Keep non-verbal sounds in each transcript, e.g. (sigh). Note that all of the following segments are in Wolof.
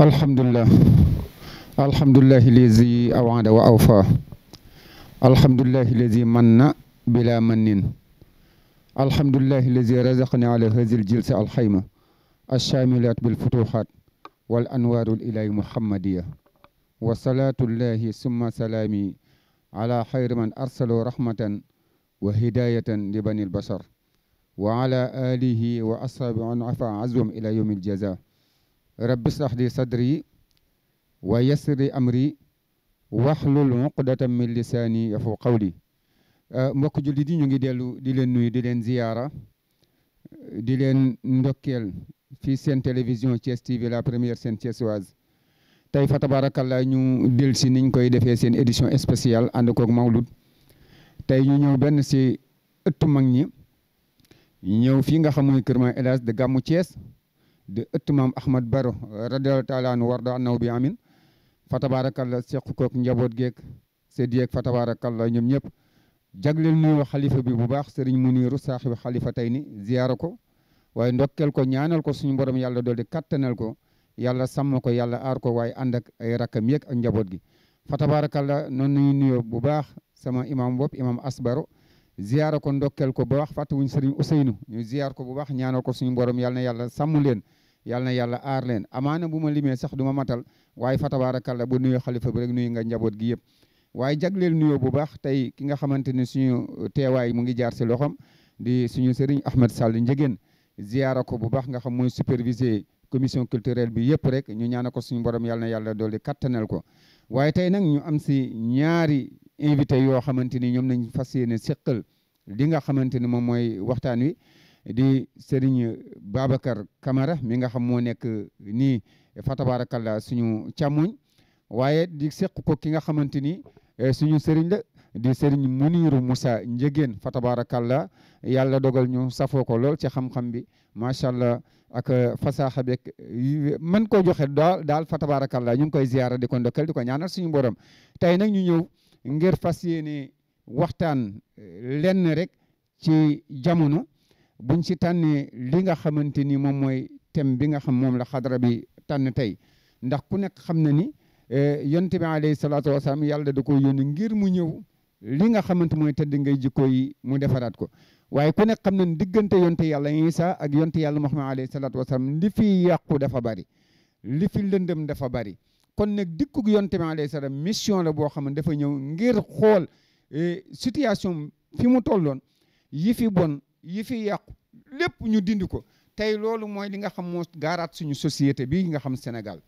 الحمد لله الحمد لله الذي أوعد وأوفى الحمد لله الذي من بلا من الحمد لله الذي رزقني على هذه الجلسة الحيمة الشاملة بالفتوحات والأنوار الإلهي محمدية وصلاة الله ثم سلامي على خير من أرسل رحمة وهداية لبني البشر وعلى آله وأصحابه عفا عزهم إلى يوم الجزاء rabbi shrah li sadri wa yassir amri wahlul uqdatam min lisani yafu qawli mbokk jullit yi ñu ngi dellu di leen nuyu di leen ziyaara di leen ndokkeel fii seen télévision Thiès TV la première seen thiessoise tey fa tabarakallah ñu del si niñ koy defee seen édition spéciale ànd koog mawlud tey ñu ñëw benn si ëttu mag ñi ñëw fii nga di ëtt maam Ahmad Baro radiyallahu taala anhu warda annahu bi amin fa tabarakallah seq kook njaboot geeg sedd yeeg fa tabarakallah ñoom ñëpp jagleel nuyoo xalifa bi bu baax sëriñ Muniiru saaxibu xalifa tey ni ziyaara ko waaye ndokkeel ko ñaanal ko suñu borom yàlla dool kattaneel ko yàlla sàmm ko yàlla aar ko waaye ànd ay rakam yeeg a njaboot gi fa tabarakallah noonu ñuy nuyoo bu baax sama imam bopp imam asbaro ziyaara ko ndokkeel ko bu baax fàttewuñ sëriñ Ousseynou ñu ziyaar ko bu baax ñaanal ko suñu borom yàlla na yàlla sàmm leen yàlla na yàlla aar leen amaana bu ma limee sax du ma matal waaye fa tabaarakalla bo nuyoo xalifa bu rek nuyu nga njaboot gi yëpp waaye jagleel nuyo bu baax tey ki nga xamante ne suñu teewaay mu ngi jaar si loxoom di suñu sëriñ Ahmed Sall Ndiéguène ziyaara ko bu baax nga xam mooy supervisé commission culturelle bi yëpp rek ñu ñaana ko suñu borom yàlla na yàlla dolli kattanal ko waaye tey nag ñu am si ñaari invité yoo xamante ni ñoom nañ fas yéene seqal li nga xamante ni moom mooy waxtaan wi di seriñ Babacar Camara mi nga xam moo nekk nii fatabaarakalla suñu càmmoñ waaye di seq ko ki nga xamante ni eh, suñu Serigne la di Serigne Muniru Moussa Njëgeen fatabaarakalla yàlla dogal ñu safoo ko lool ci xam-xam bi macha allah ak eh, fasaaxa beeg mën koo joxe daal daal fatabaarakalla ñu ngi koy ziyaara di ko ndokkal di ko ñaanal suñu borom tey nag ñu ñëw ngir fas yéene waxtaan eh, lenn rek ci jamono. buñ ci tànnee li nga xamante ni moom mooy thème bi nga xam moom la xadara bi tànn tey ndax ku nekk xam na ni yonte bi alayhi salatu wasalaam yàlla da ko yónni ngir mu ñëw li nga xamante mooy tedd ngay jikko yi mu defaraat ko waaye ku nekk xam na ni diggante yonte yàlla Isa ak yonte yàlla Muhammad alayhi salatu wasalaam li fi yàqu dafa bari li fi lëndëm dafa bari kon nag dikkug yonte bi alayhi salaam mission la boo xam ne dafa ñëw ngir xool situation fi mu tolloon yi fi bon yi fi yàqu lépp ñu dindi ko tey loolu mooy li nga xam moo gaaraat suñu société bi nga xam Sénégal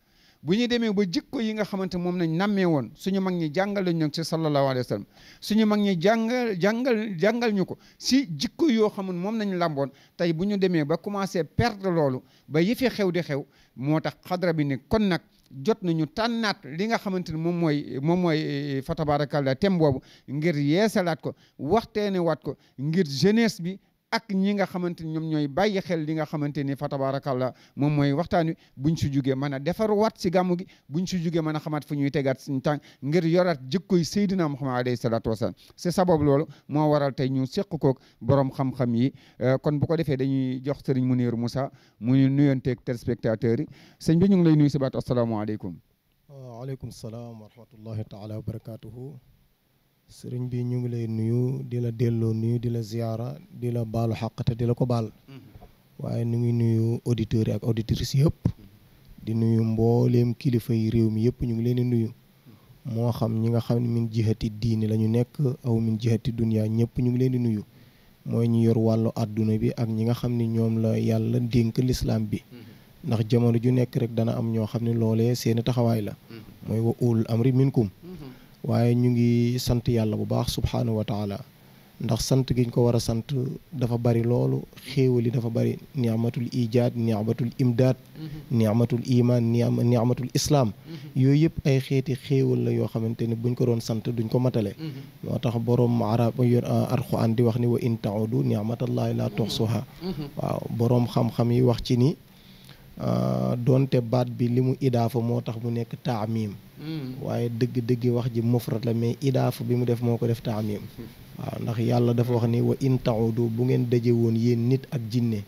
bu ñu demee ba jikko yi nga xamante moom nañ nammee woon suñu mag ñi jàngal lañ ci sallallahu alayhi wa sallam suñu mag ñi jàngal jàngal jàngal ñu ko si jikko yoo xamun moom nañ làmboon tey bu ñu demee ba commencé perdre loolu ba yëfi xew di xew moo tax xadra bi ne kon nag jot nañu tànnaat li nga xamante ne moom mooy moom mooy eh, fa tabarakallah thème boobu ngir yeesalaat ko waxteene waat ko ngir jeunesse bi ak ñi nga xamante ni ñoom ñooy bàyyi xel li nga xamante ni fa tabarakallah moom mooy waxtaan wi buñ si jugee mën a defarwaat si gàmmu gi buñ si jugee mën a xamaat fu ñuy tegat suñu tànk ngir yoraat jikkoy Seydina Muhammad alayhi salaatu wasalaam c'est sabab lool moo waral tey ñu seq koog boroom xam-xam yi euh, kon bu ko defee dañuy jox sëriñ Mounir Moussa mu ñu nuyonteeg téléspectateurs yi sëñ bi ñu ngi lay nuyu si baat asalaamaaleykum. waaleykum salaam wa rahmatullahi taala wa barakatuhu sëriñ bi ñu ngi lay nuyu di la delloo nuyu di la ziyaara di la baalu xaq te di la ko baal mm-hmm. waaye nu ngi nuyu auditeurs yi ak auditrices yëpp mm-hmm. di nuyu mbooleem kilifa yi réew mi yëpp ñu ngi leen di nuyu mm-hmm. moo xam ñi nga xam ne min jihati diini la ñu nekk aw min jihati ñëpp ñu ngi leen di nuyu mooy ñu yor wàllu àdduna bi ak ñi nga xam ni ñoom la yàlla dénk lislaam bi ndax jamono ju nekk rek dana am ñoo xam ne loolee seeni taxawaay la mooy wa ulul amri minkum waaye ñu ngi sant yàlla bu baax subhaanahu wa ndax sant giñ ko war a sant dafa bari loolu xéewal yi dafa bari niamatul ijaad niamatul imdaad mhm. niamatul iman niamatul islaam mhm. yooyu yëpp ay xeeti xéewal la yoo xamante ni buñ ko doon sant duñ ko matale mhm. moo tax boroom arab yor uh, alxuraan di wax ni wa in taudu niamatallahi la tuxsuha waaw boroom xam-xam yi wax ci ni Euh, donte baat bi li mu idaafa moo tax mu nekk taamim hmm. waaye dëgg dëggi wax ji mufrat la mais idaafa bi mu def moo ko def taamim hmm. waaw ndax yàlla dafa wax ni wa in taudu bu ngeen daje woon yéen nit ak jinne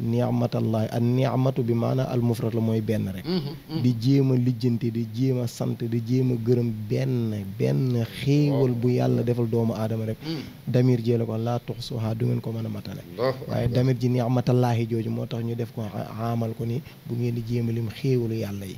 ni'matallahi an ni'matu bi maana al la mooy benn rek mm-hmm, mm-hmm. di jéem a lijjanti di jéem a sant di jéem a gërëm benn benn xéewal bu yàlla defal doomu aadama rek mm. damir jee la ko laa tuxsuha du ngeen ko mën a matale waaye damir ji ni'matallahi jooju moo tax ñu def ko xaamal ko ni bu ngeen di jéem a lim xéewalu yàlla yi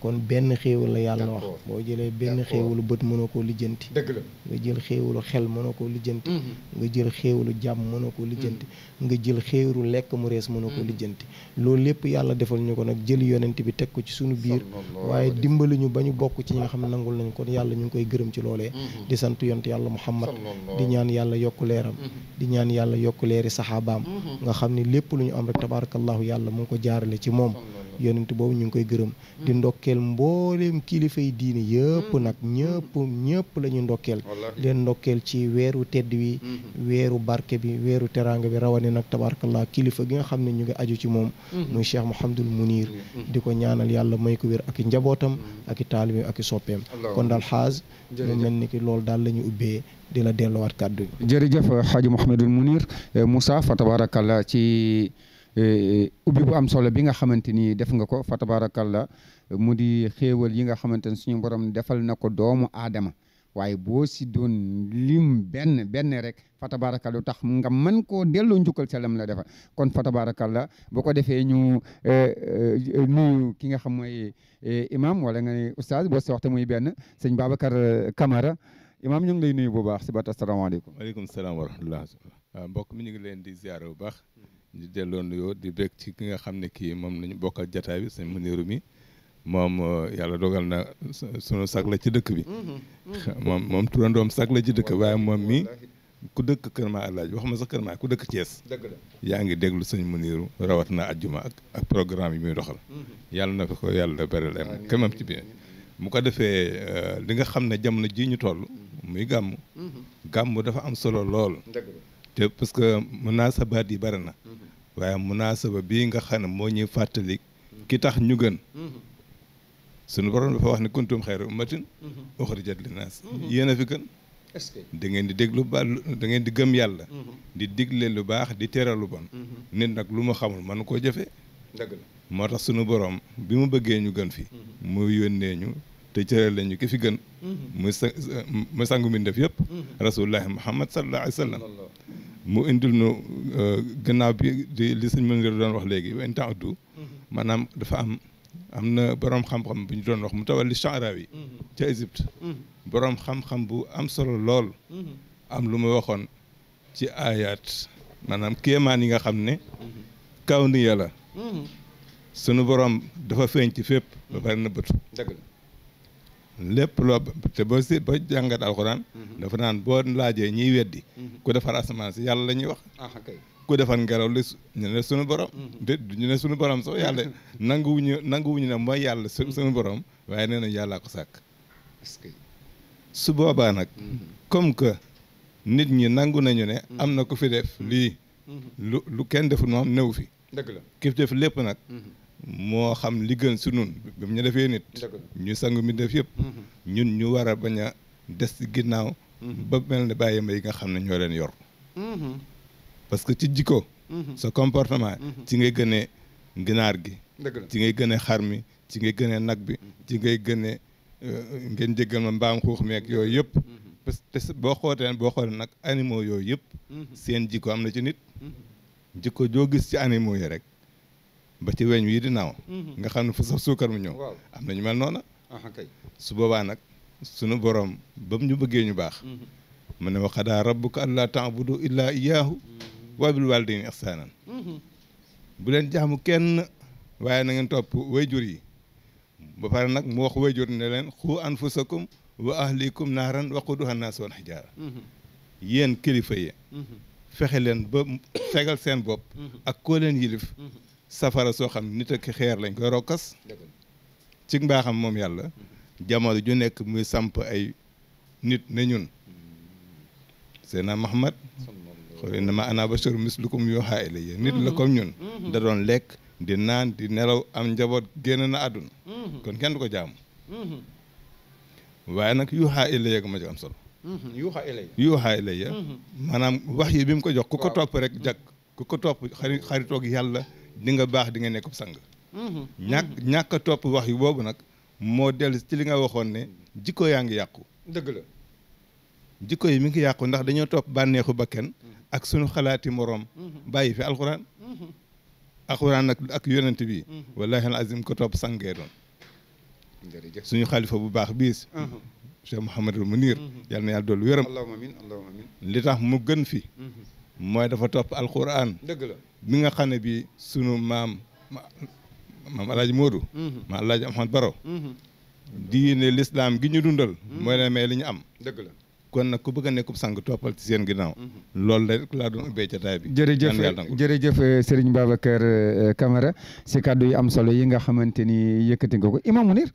kon benn xéewal la yàlla wax boo jëlee benn lu bët mënoo koo lijjanti dëgg la nga jël xéewalu xel mënoo koo lijjanti mm-hmm. nga jël xéewalu jàmm mënoo koo lijjanti mm-hmm. nga jël xéewalu lekk mu rees mënoo koo mm-hmm. lijjanti loolu lépp yàlla defal ñu ko nag jël yonent bi teg ko ci suñu biir waaye dimbali ñu ba ñu bokk ci ñi nga xam ne nangul nañ kon yàlla ñu ngi koy gërëm ci loolee di sant yont yàlla muhammad di ñaan yàlla yokku leeram di ñaan yàlla yokku leeri saxaabaam nga xam ni lépp lu ñu am rek tabarakallahu yàlla mu ko jaarale ci moom yonent boobu ñu ngi koy gërëm mm. di ndokkeel mbooleem kilifa yi diini yëpp mm. nag ñëpp mm. ñëpp la ñu ndokkeel leen ndokkeel ci weeru tedd wi mm-hmm. weeru barke bi weeru teraanga bi rawani nag tabarakallah kilifa gi nga xam ne ñu ngi aju ci moom mm-hmm. muy Cheikh Mouhamadul Munir mm-hmm. di ko ñaanal yàlla may ko wér ak i njabootam ak i taalibi ak soppeem kon daal xaas mu mel ni ki loolu daal la ñu ubbee di la delluwaat kàddu yi jërëjëf Hadji Mouhamadul Munir eh, Moussa fa tabarakallah ci Euh, euh, ubbi bu am solo bi nga xamante ni def nga ko fa tabarakallah mu di xéewal yi nga xamante ne suñu borom defal na ko doomu aadama waaye boo si doon lim benn benn rek fa tabarakallah lu tax nga man koo delloo njukkal sa lam la defal kon fa la boo ko defee ñu nuyu euh, ki nga xam mooy imam wala nga ne oustaz boo si waxte muy benn sëñ Babacar Camara imam ñoo ngi lay nuyu bu baax si bat asalaamaaleykum waaleykum salaam wa rahmatullah mbokk mi ñu ngi leen di ziar bu baax ni delloo nuyoo di bég ci ki nga xam ne kii moom lañu bokkal jataay bi sëñ Muniru mi moom euh, yàlla dogal na sunu sag la ci dëkk bi mm-hmm, mm-hmm. moom moom turandoom sag la ci dëkk waaye moom mii ku dëkk Kër Ma Alaaji wax ma sa Kër Ma ku dëkk cees yaa ngi déglu sëñ Muniru rawat na ajjuma ak ak programme yi muy doxal. Mm-hmm. yàlla na ko yàlla bëri leen nag këmam ci biir. mu ko defee euh, li nga xam ne jamono ji ñu toll. muy gàmm. gàmm dafa am solo lool. te parce que munaasabaat yi bari na waaye munaasaba bii nga xam moo ñuy fàttali ki tax ñu gën suñu borom dafa wax ne kuntum xayra ummatin uxrijat linnaas yéen a fi gën est-ce da ngeen di dégg lu baax da ngeen di gëm yàlla mhm. di digle lu baax di tere bon mhm. nit nag lu mu xamul mën koo jëfe dëgg la moo tax suñu borom bi mu bëggee ñu gën fi mhm. mu yónnee ñu te cëral lañu ki fi gën mm-hmm. mm-hmm. mu sa mu sangu mbindéef yëpp rasulullahi muhammad sallallahu alayhi mu indi nu euh, gannaaw bi di li sëñ Mounirou doon wax léegi en temps du maanaam dafa am am na boroom xam-xam bu ñu doon wax mu tawalli Sha'rawi mm-hmm. ca Égypte borom xam-xam bu am solo lool am lu ma waxoon ci ayat maanaam kéemaan yi nga xam ne kaw ni yàlla sunu borom dafa feeñ ci fépp ba pare na bëtu lépp loo ba si ba jàngat alxuraan. Mhm. dafa naan boo laajee ñiy weddi. Mhm. ku defar asamaan si yàlla la ñuy wax. Ah, ku defar ngelaw li ñu ne suñu borom. Mhm. te ñu ne suñu borom sax yàlla (laughs) nanguwuñu nanguwuñu ne mooy yàlla suñu borom waaye nee nañ yàllaa ko sàkk. su boobaa nag. comme que nit ñi nangu nañu ne. am na ku fi def lii. lu kenn deful moom néew fi. dëgg def lépp nag. moo xam li gën su nun bi ñu defee nit ñu sangu mi def yëpp mm-hmm. ñun ñu war a bañ a des ci ginnaaw mm-hmm. ba mel ne bàyyi ma yi nga xam ne ñoo leen yor mm-hmm. parce que ci jikko sa comportement ci ngay gënee ginaar gi ci ngay gënee xar mi ci ngay gënee nag bi ci ngay gënee euh, ngeen jéggal ma mbaam xuux meeg yooyu yëpp parce que boo xootee boo xoolee nag animaux yooyu yëpp seen jikko am na ci nit jikko joo gis ci animaux yi rek bati ci weñ wii di naaw nga xamne fa sax sukar mu ñëw am nañu mel noona kay su boba nak sunu borom bam ñu bëgge ñu bax mané wa qadaa rabbuka allaa ta'budu illa iyyahu wa bil walidayni ihsaanan bu len jaamu kenn waye na ngeen top wayjur yi ba pare nak mu wax wayjur ne len khu anfusakum wa ahlikum naran wa naaran an-nas wal hijara yéen kilifa ye fexe leen ba fegal sen bop ak ko len yilif safara soo xam nit ak xeer lañ koy rokkas ci mbaaxam moom yàlla jamono ju nekk muy samp ay nit ne ñun Seydina Muhammad xool innama ana bashar mislukum yuuhaa ilayya nit la comme ñun da doon lekk di naan di nelaw am njaboot génn na àdduna kon kenn du ko jaamu waaye nag yuuhaa ilayya ma ci maanaam wax yi bi mu ko jox ku ko topp rek jag ku ko topp xarit yàlla di nga baax di nga nekk sang. Mm-hmm. ñàkk topp wax yu boobu nag moo dellu ci li nga waxoon ne jikko yaa ngi yàqu. dëgg la. jikko yi mi ngi yàqu ndax dañoo topp bànneexu bakken mm-hmm. ak suñu xalaati moroom. Mm-hmm. bàyyi fi alxuraan. alxuraan ak yonent bi. wallaahi azim ko topp sangee doon. suñu xalifa bu baax biis. Cheikh Mouhamadul Munir. yal na yàlla dolli wéram. allahumma li tax mu gën fi. mooy dafa topp alxuraan. dëgg la. mi nga xam ne bii sunu maam maam alaaji Modou. Mhm. maam alaaji Ahmad Baro. Mhm. diine lislaam gi ñu dundal. Mhm. mooy la may li ñu am. dëgg la kon nag ku bëgg a nekkub sànq toppal ci seen ginnaaw. loolu la laa doon ubbee jotaay bi. jërëjëf jërëjëf eh, Serigne Babacar eh, eh, Camara si kàddu yi am solo yi nga xamante ni yëkkati nga ko Imam Mounir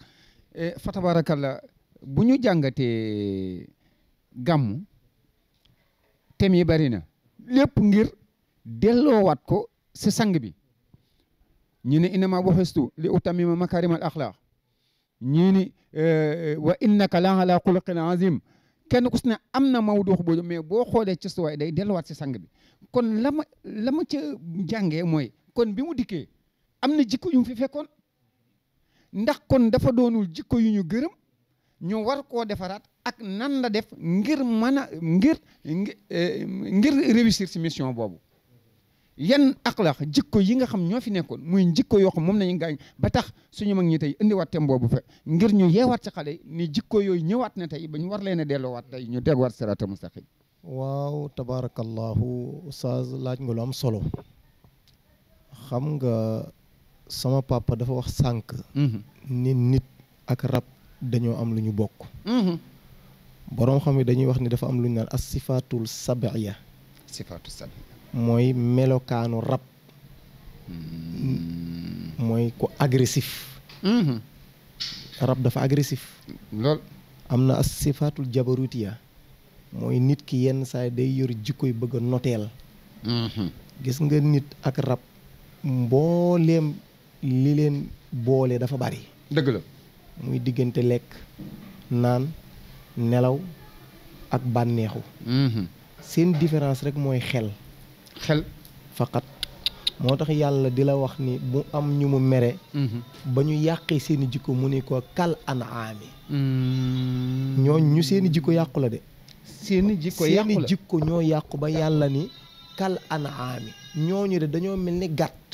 fa tabaarakalla bu ñu jàngatee gàmm thème yi bari na lépp ngir. delloowaat ko si sang bi ñu ne innama buxistu li utamima makarimal axlaaq ñii ni eh, wa innaka la ala xuluqin azim kenn ku si ne am na mawduux boobu mais boo xoolee ci suwaay day delluwaat si sang bi kon la lama la ma ca jàngee mooy kon bi mu dikkee am na jikko yu mu fi fekkoon ndax kon dafa doonul jikko yu ñu gërëm ñu war koo defaraat ak nan la def ngir mën a ngir ngir eh, réussir si mission boobu yan axlaax jikko yi nga xam ñoo fi nekkoon muy jikko yoo xam moom nañu gaañ ba tax suñu mag ñi tey indiwaat tem boobu fa ngir ñu yeewaat ci xale ni jikko yooyu ñëwaat na tey ba ñu war leen a delloowaat tey ñu teeguwaat siraatal mustaqim waaw tabaarakallaahu ustaz laaj nga lu am solo xam nga sama papa dafa wax sànq mhm. ni nit ak rab dañoo am lu ñu bokk mhm. boroom xam yi dañuy wax ni dafa am lu ñu naan as sifaatul sabiya Moy melokanu rap, hmm. moy ku agressif hmm. rap dafa agressif lol amna as sifatul jabarutiya moy nit ki yenn say day yor jikkoy beug notel hmm. gis nga nit ak rap mbollem li len bolé dafa bari deug la muy digënté lek nan nelaw ak hmm sen différence rek moy xel xel faqat moo tax yàlla di la wax ni bu am ñu mu mere mhm. ba ñu yàqee seeni jikko mu ni ko kal anaami mm. ñoo ñu seeni jikko yàqu la de seeni jikko yàqu la seeni ñoo yàqu ba yàlla ni kal anaami ñooñu de dañoo mel ni gàtt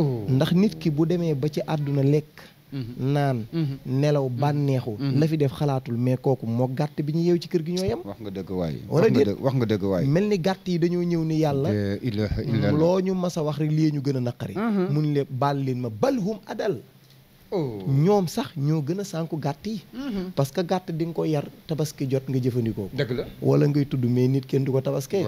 oh. ndax nit ki bu demee ba ci àdduna lekk Mm-hmm. naan mm-hmm. nelaw bànneexu mm-hmm. la fi def xalaatul mais kooku moo gàtt bi ñu yeew ci kër gi ñoo yem wax nga dëgg waay wala déet wax nga dëgg waay mel ni gàtt yi dañoo ñëw ni yàlla loo ñu mas a wax rek lii ñu gën a naqari mun le baal leen ma bal hum adal oh. ñoom sax ñoo gën a sànku gàtt yi parce que gàtt di nga ko yar tabaski jot nga jëfandikoo dëgg la wala ngay tudd mais nit kenn du ko tabaskee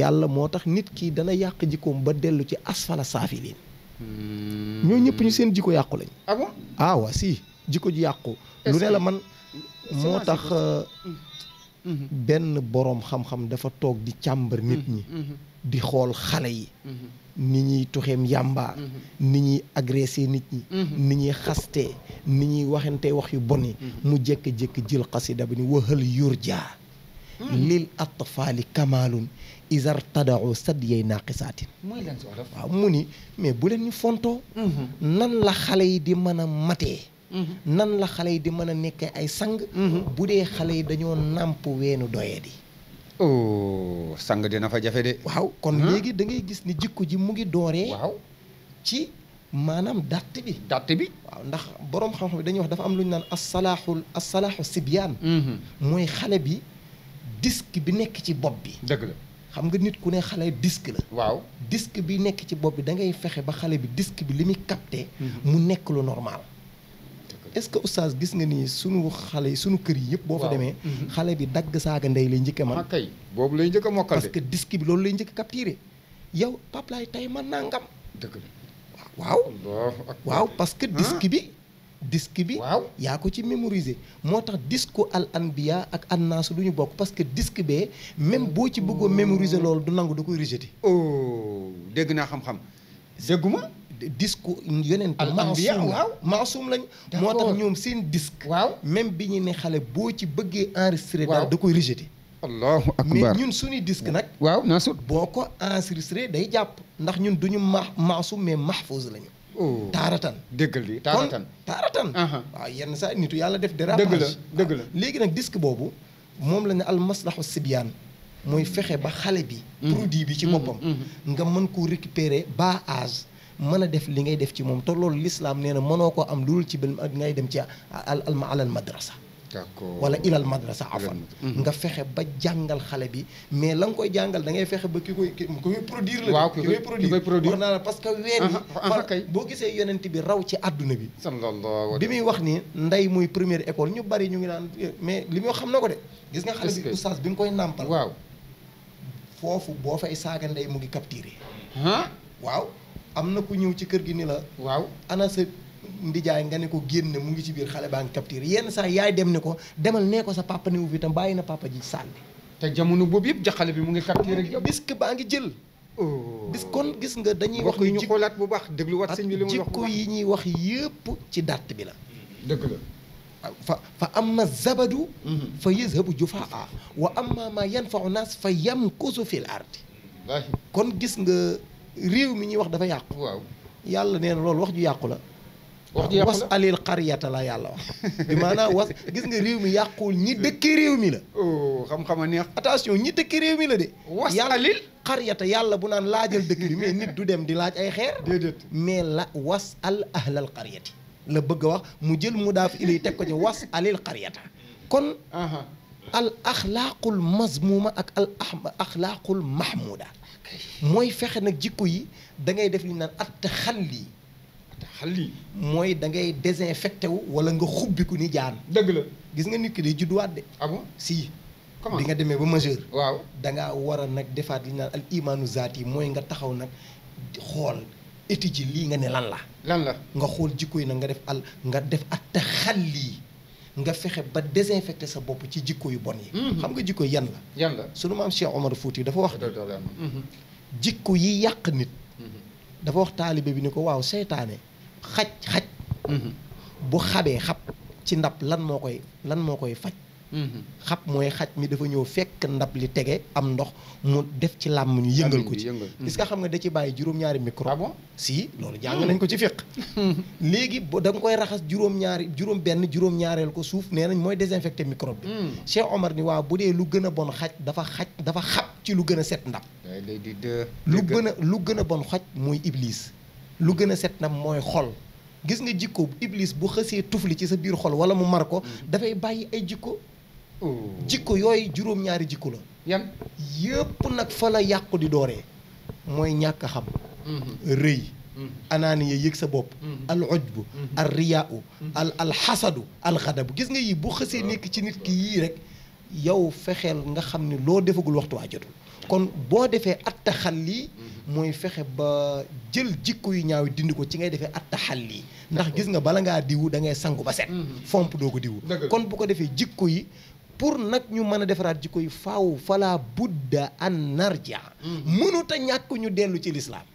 yàlla moo tax nit kii dana yàq jikkoom ba dellu ci asfala saafiliin Hmm. ñoo ñëpp ñu seen jikko yàqu lañ. ah bon ah jikko ji yàqu. lu ne la man moo tax euh, hmm. Hmm. benn boroom xam-xam dafa toog di càmbar nit ñi. di xool xale yi. ni ñuy tuxeem yàmba. ni ñuy agressé nit ñi. ni ñuy xastee ni ñuy waxante wax yu bon yi. mu jékki-jékki jël xasida bi ni waxal yurja lil atfaali kamaalun isar tadao sadyey naqisaatin mooy lan si wolof waaw mu ni mais bu leen ñu fontoo mhm. nan la xale yi di mën a matee mhm. nan la xale yi di mën a nekkee ay sang mhm. bu dee xale yi dañoo nàmp weenu doyee di oh sang dina fa jafe de waaw kon léegi dangay gis ni jikko ji mu ngi dooree ci maanaam dàtt bi dàtt bi waaw ndax boroom xam-xam bi dañuy wax dafa am lu ñu naan assalaaxul assalaaxu sibyaan mooy xale bi disque bi nekk ci bopp bi xam nga nit ku ne xale disque la. waaw disque bi nekk ci bopp bi da ngay fexe ba xale bi disque bi li muy capté. Mhm. mu nekk lu normal. est-ce que oustaz gis nga ni sunu xale yi sunu kër yi yëpp. boo fa demee. Mhm. xale bi dagg saaga ndey lay njëkk a man ah, boobu lay njëkk a parce que disque bi loolu lay njëkk a capturé yow Pape Laye tey man naa ngam. dëgg waaw. waaw parce que ah. disque bi. disque bi waaw yaa ko ci mémoriser moo tax disque al anbiya ak annaasu du ñu bokk parce que disque bee même boo ci bëggoo mémoriser loolu du nangu du koy rejeté oh dégg naa xam-xam dégguma disque yeneen maasum waaw maasum lañ moo tax ñoom seen disque waaw même bi ñu ne xale boo ci bëggee enregistré daal du koy rejeté allahu akbar mais ñun suñu disque nag waaw naa boo ko enregistré day jàpp ndax ñun du ñu ma maasum mais mahfuz lañu Oh. taaratan dëggal li taaratan taaratan waaw ah, yenn saa nitu yàlla def dérapage dëgg la dëgg la ah, léegi nag disque boobu moom la ne almaslahu sibyaan mooy fexe ba xale bi mm. produit bi ci mm, boppam mm. nga mën koo récupérer bas âge mën a def li ngay def ci moom te loolu l'islam nee na mënoo ko am loolu ci benn ngay dem ci al alma alal madrasa wala ilal madrasa afan mhm. nga fexe ba jàngal xale bi mais la nga koy jàngal da ngay fexe ba ki koy ki koy produire la ki koy produire wax naa la parce que weer yi boo gisee yonent bi raw ci àdduna bi sallallahu bi muy wax ni ndey muy première école ñu bari ñu ngi naan mais li muy xam na ko de gis nga xale bi oustaz bi nga koy nàmpal waaw foofu boo fay saaga ndey mu ngi capturé waaw am na ku ñëw ci kër gi ni la waaw ana sa ndijaay nga ne ko génn mu ngi ci biir xale baa ngi capture yenn sax yaay dem ne ko demal ne ko sa papa niwu fi tam bàyyi na papa ji sànni te jamono boobu yëpp jaxale bi mu ngi capture bisque baa ngi jël bis oh. kon gis nga dañuy wax ñu xoolaat bu baax dégluwaat sëñ bi li mu wax jikko yi ñuy wax yëpp ci dàtt bi la dëgg la fa fa am amma zabadu mhm. fa yëzhabu jufaa wa amma ma yanfau naas fa yamkusu fil ardi kon gis nga réew mi ñuy wax dafa yàqu waaw yàlla nee na loolu wax ju yàqu la wax ji was alil xariyata la yàlla wax bi maanaam was gis nga réew mi yàquwul ñi dëkk réew mi la xam-xama neex attention ñi dëkk réew mi la de was alil xariyata yàlla bu naan laajal dëkk bi mais nit du dem di laaj ay xeer déedéet mais la was al ahlal xariyati la bëgg a wax mu jël mu ilay teg ko ci was alil xariyata kon al axlaaqul mazmuma ak al axlaaqul mahmuda moy fexe nag jikko yi da ngay def li naan at taxalli xali mooy da ngay désinfecté wu wala nga xubbiku ni jaan dëgg la gis nga nit ki day judduwaat de ah si comment di nga demee ba majeur waaw da ngaa war a nag defaat li naan al imaanu zaat yi mooy nga taxaw nag xool étude lii nga ne lan la lan la nga xool jikko yi nag nga def al nga def atta lii nga fexe ba désinfecté sa bopp ci jikko yu bon yi mhm. xam nga jikko yan la yan la sunu maam Cheikh Omar Fouti dafa wax jikko yi yàq nit mhm. dafa wax taalibe bi ni ko waaw seytaane xaj xaj mm-hmm. bu xabee xab ci ndab lan moo koy lan moo koy faj mm-hmm. xab mooy xaj mi dafa ñëw fekk ndab li tege am ndox mu def ci làmm ñu yëngal ko ci gis nga xam nga da ci bàyyi juróom-ñaari micro ah si loolu jàng mm. nañ ko ci fiq (laughs) léegi da nga koy raxas juróom-ñaari juróom benn juróom-ñaareel ko suuf nee nañ mooy désinfecté microbe bi mm. Cheikh Omar ni waa bu dee lu gën a bon xaj dafa xaj dafa xab ci lu gën a set ndab lu gën a lu gën a bon xaj mooy iblis lu gën a set nag mooy xol gis nga jikko iblis bu xësee tufli ci sa biir xol wala mu mar ko mm. dafay bàyyi ay jikko oh. jikko yooyu juróom-ñaari jikko la yan yëpp nag fa la yàqu di dooree mooy ñàkk xam mm-hmm. rëy mm-hmm. anaaniya yëg sa bopp mm-hmm. al ujbu al riyaau al al xasadu al xadabu gis nga yii bu xësee nekk ci nit ki yii rek yow fexeel nga xam ne loo defagul waxtu waa jotul kon boo defee attaxal lii mooy fexe ba jël jikko yu ñaaw dind ko ci ngay defee atta xal yi ndax gis nga bala ngaa diwu da ngay sangu ba set mhm. fomp doo ko diwu kon bu ko defee jikko yi pour nag ñu mën a defaraat jikko yi faw fala budda an narja mhm. mënut a ñàkk ñu dellu ci lislaam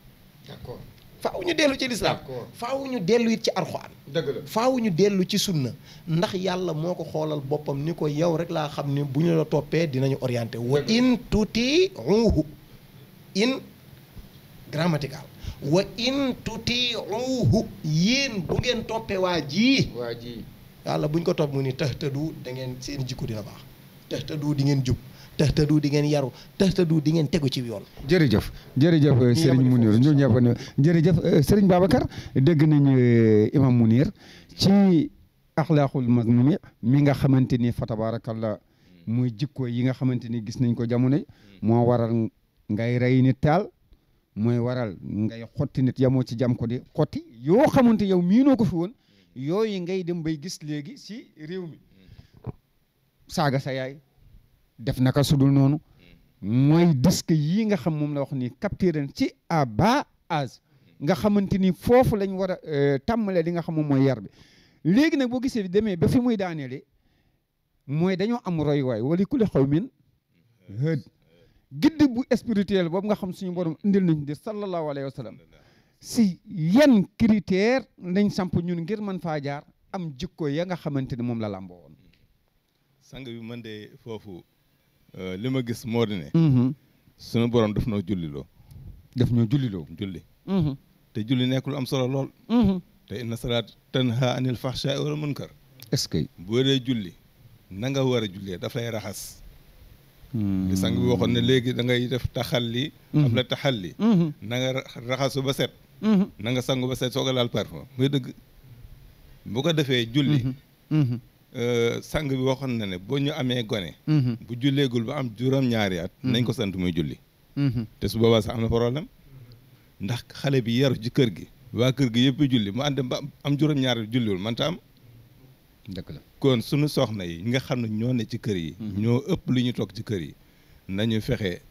d'accord faaw ñu dellu ci lislaam faw ñu dellu it ci arxuraan dëgg la ñu dellu ci sunna ndax yàlla moo ko xoolal boppam ni ko yow rek laa xam ne bu ñu la toppee dinañu orienté woo in tuti uhu in grammatical wa in tuti'uhu yin bu ngeen topé waji waji yalla buñ ko top mu ni tahtadu da ngeen seen jikko dina bax tahtadu di ngeen jup tahtadu di ngeen yaru tahtadu di ngeen teggu ci yoon jeri eh, iya, serigne munir ñu ñëpp jërëjëf serigne babakar degg nañ eh, imam munir ci akhlaqul magnumi mi nga xamanteni fa tabarakallah hmm. muy jikko yi nga xamanteni gis nañ ko jamono mo waral ngay ray ni tal mooy waral ngay xotti nit yamoo ci jam ko di xotti yoo xamante yow miinoo ko fi woon yooyu ngay dem bay gis léegi si réew mi saaga sa yaay def naka sudul noonu mooy disque yii nga xam moom la wax ni capturé ci à bas âge nga xamante ni foofu lañ war a euh, tàmmalee li nga xam moom mooy yar bi léegi nag boo gisee demee ba fi muy daaneele mooy dañoo am roy waay ku la xaw min giddi bu spirituel boobu nga xam suñu borom indil nañu di sallallahu alayhi wa si yan critère lañ samp ñun ngir man faa jaar am jikko ya nga xamante ne moom la làmboo woon sang bi man de foofu euh, li ma gis moo di ne mm-hmm. suñu borom def noo julliloo daf ñoo julliloo julli mm-hmm. te julli nekk lu am solo lool mm-hmm. te inna salaat tanha anil fahsha wal munkar est-ce que boo dee julli na war a jullee daf lay raxas li hmm. sang bi waxoon ne léegi da ngay def taxalli hmm. am la taxalli hmm. na nga raxasu ba set na nga sangu ba set soog a laal parfum muy dëgg bu ko defee julli euh, sang bi waxoon na ne boo ñu amee gone bu julleegul ba am juróom-ñaari at nañ ko sant muy julli te su am na problème ndax xale bi yaru ci kër gi waa kër gi yëpp julli mu ànd am juróom-ñaari julliwul man ta am dëgg la kon suñu soxna yi ñi nga xam ne ñoo ne ci kër yi. Mhm. ñoo ëpp lu ñu toog ci kër yi nañu fexe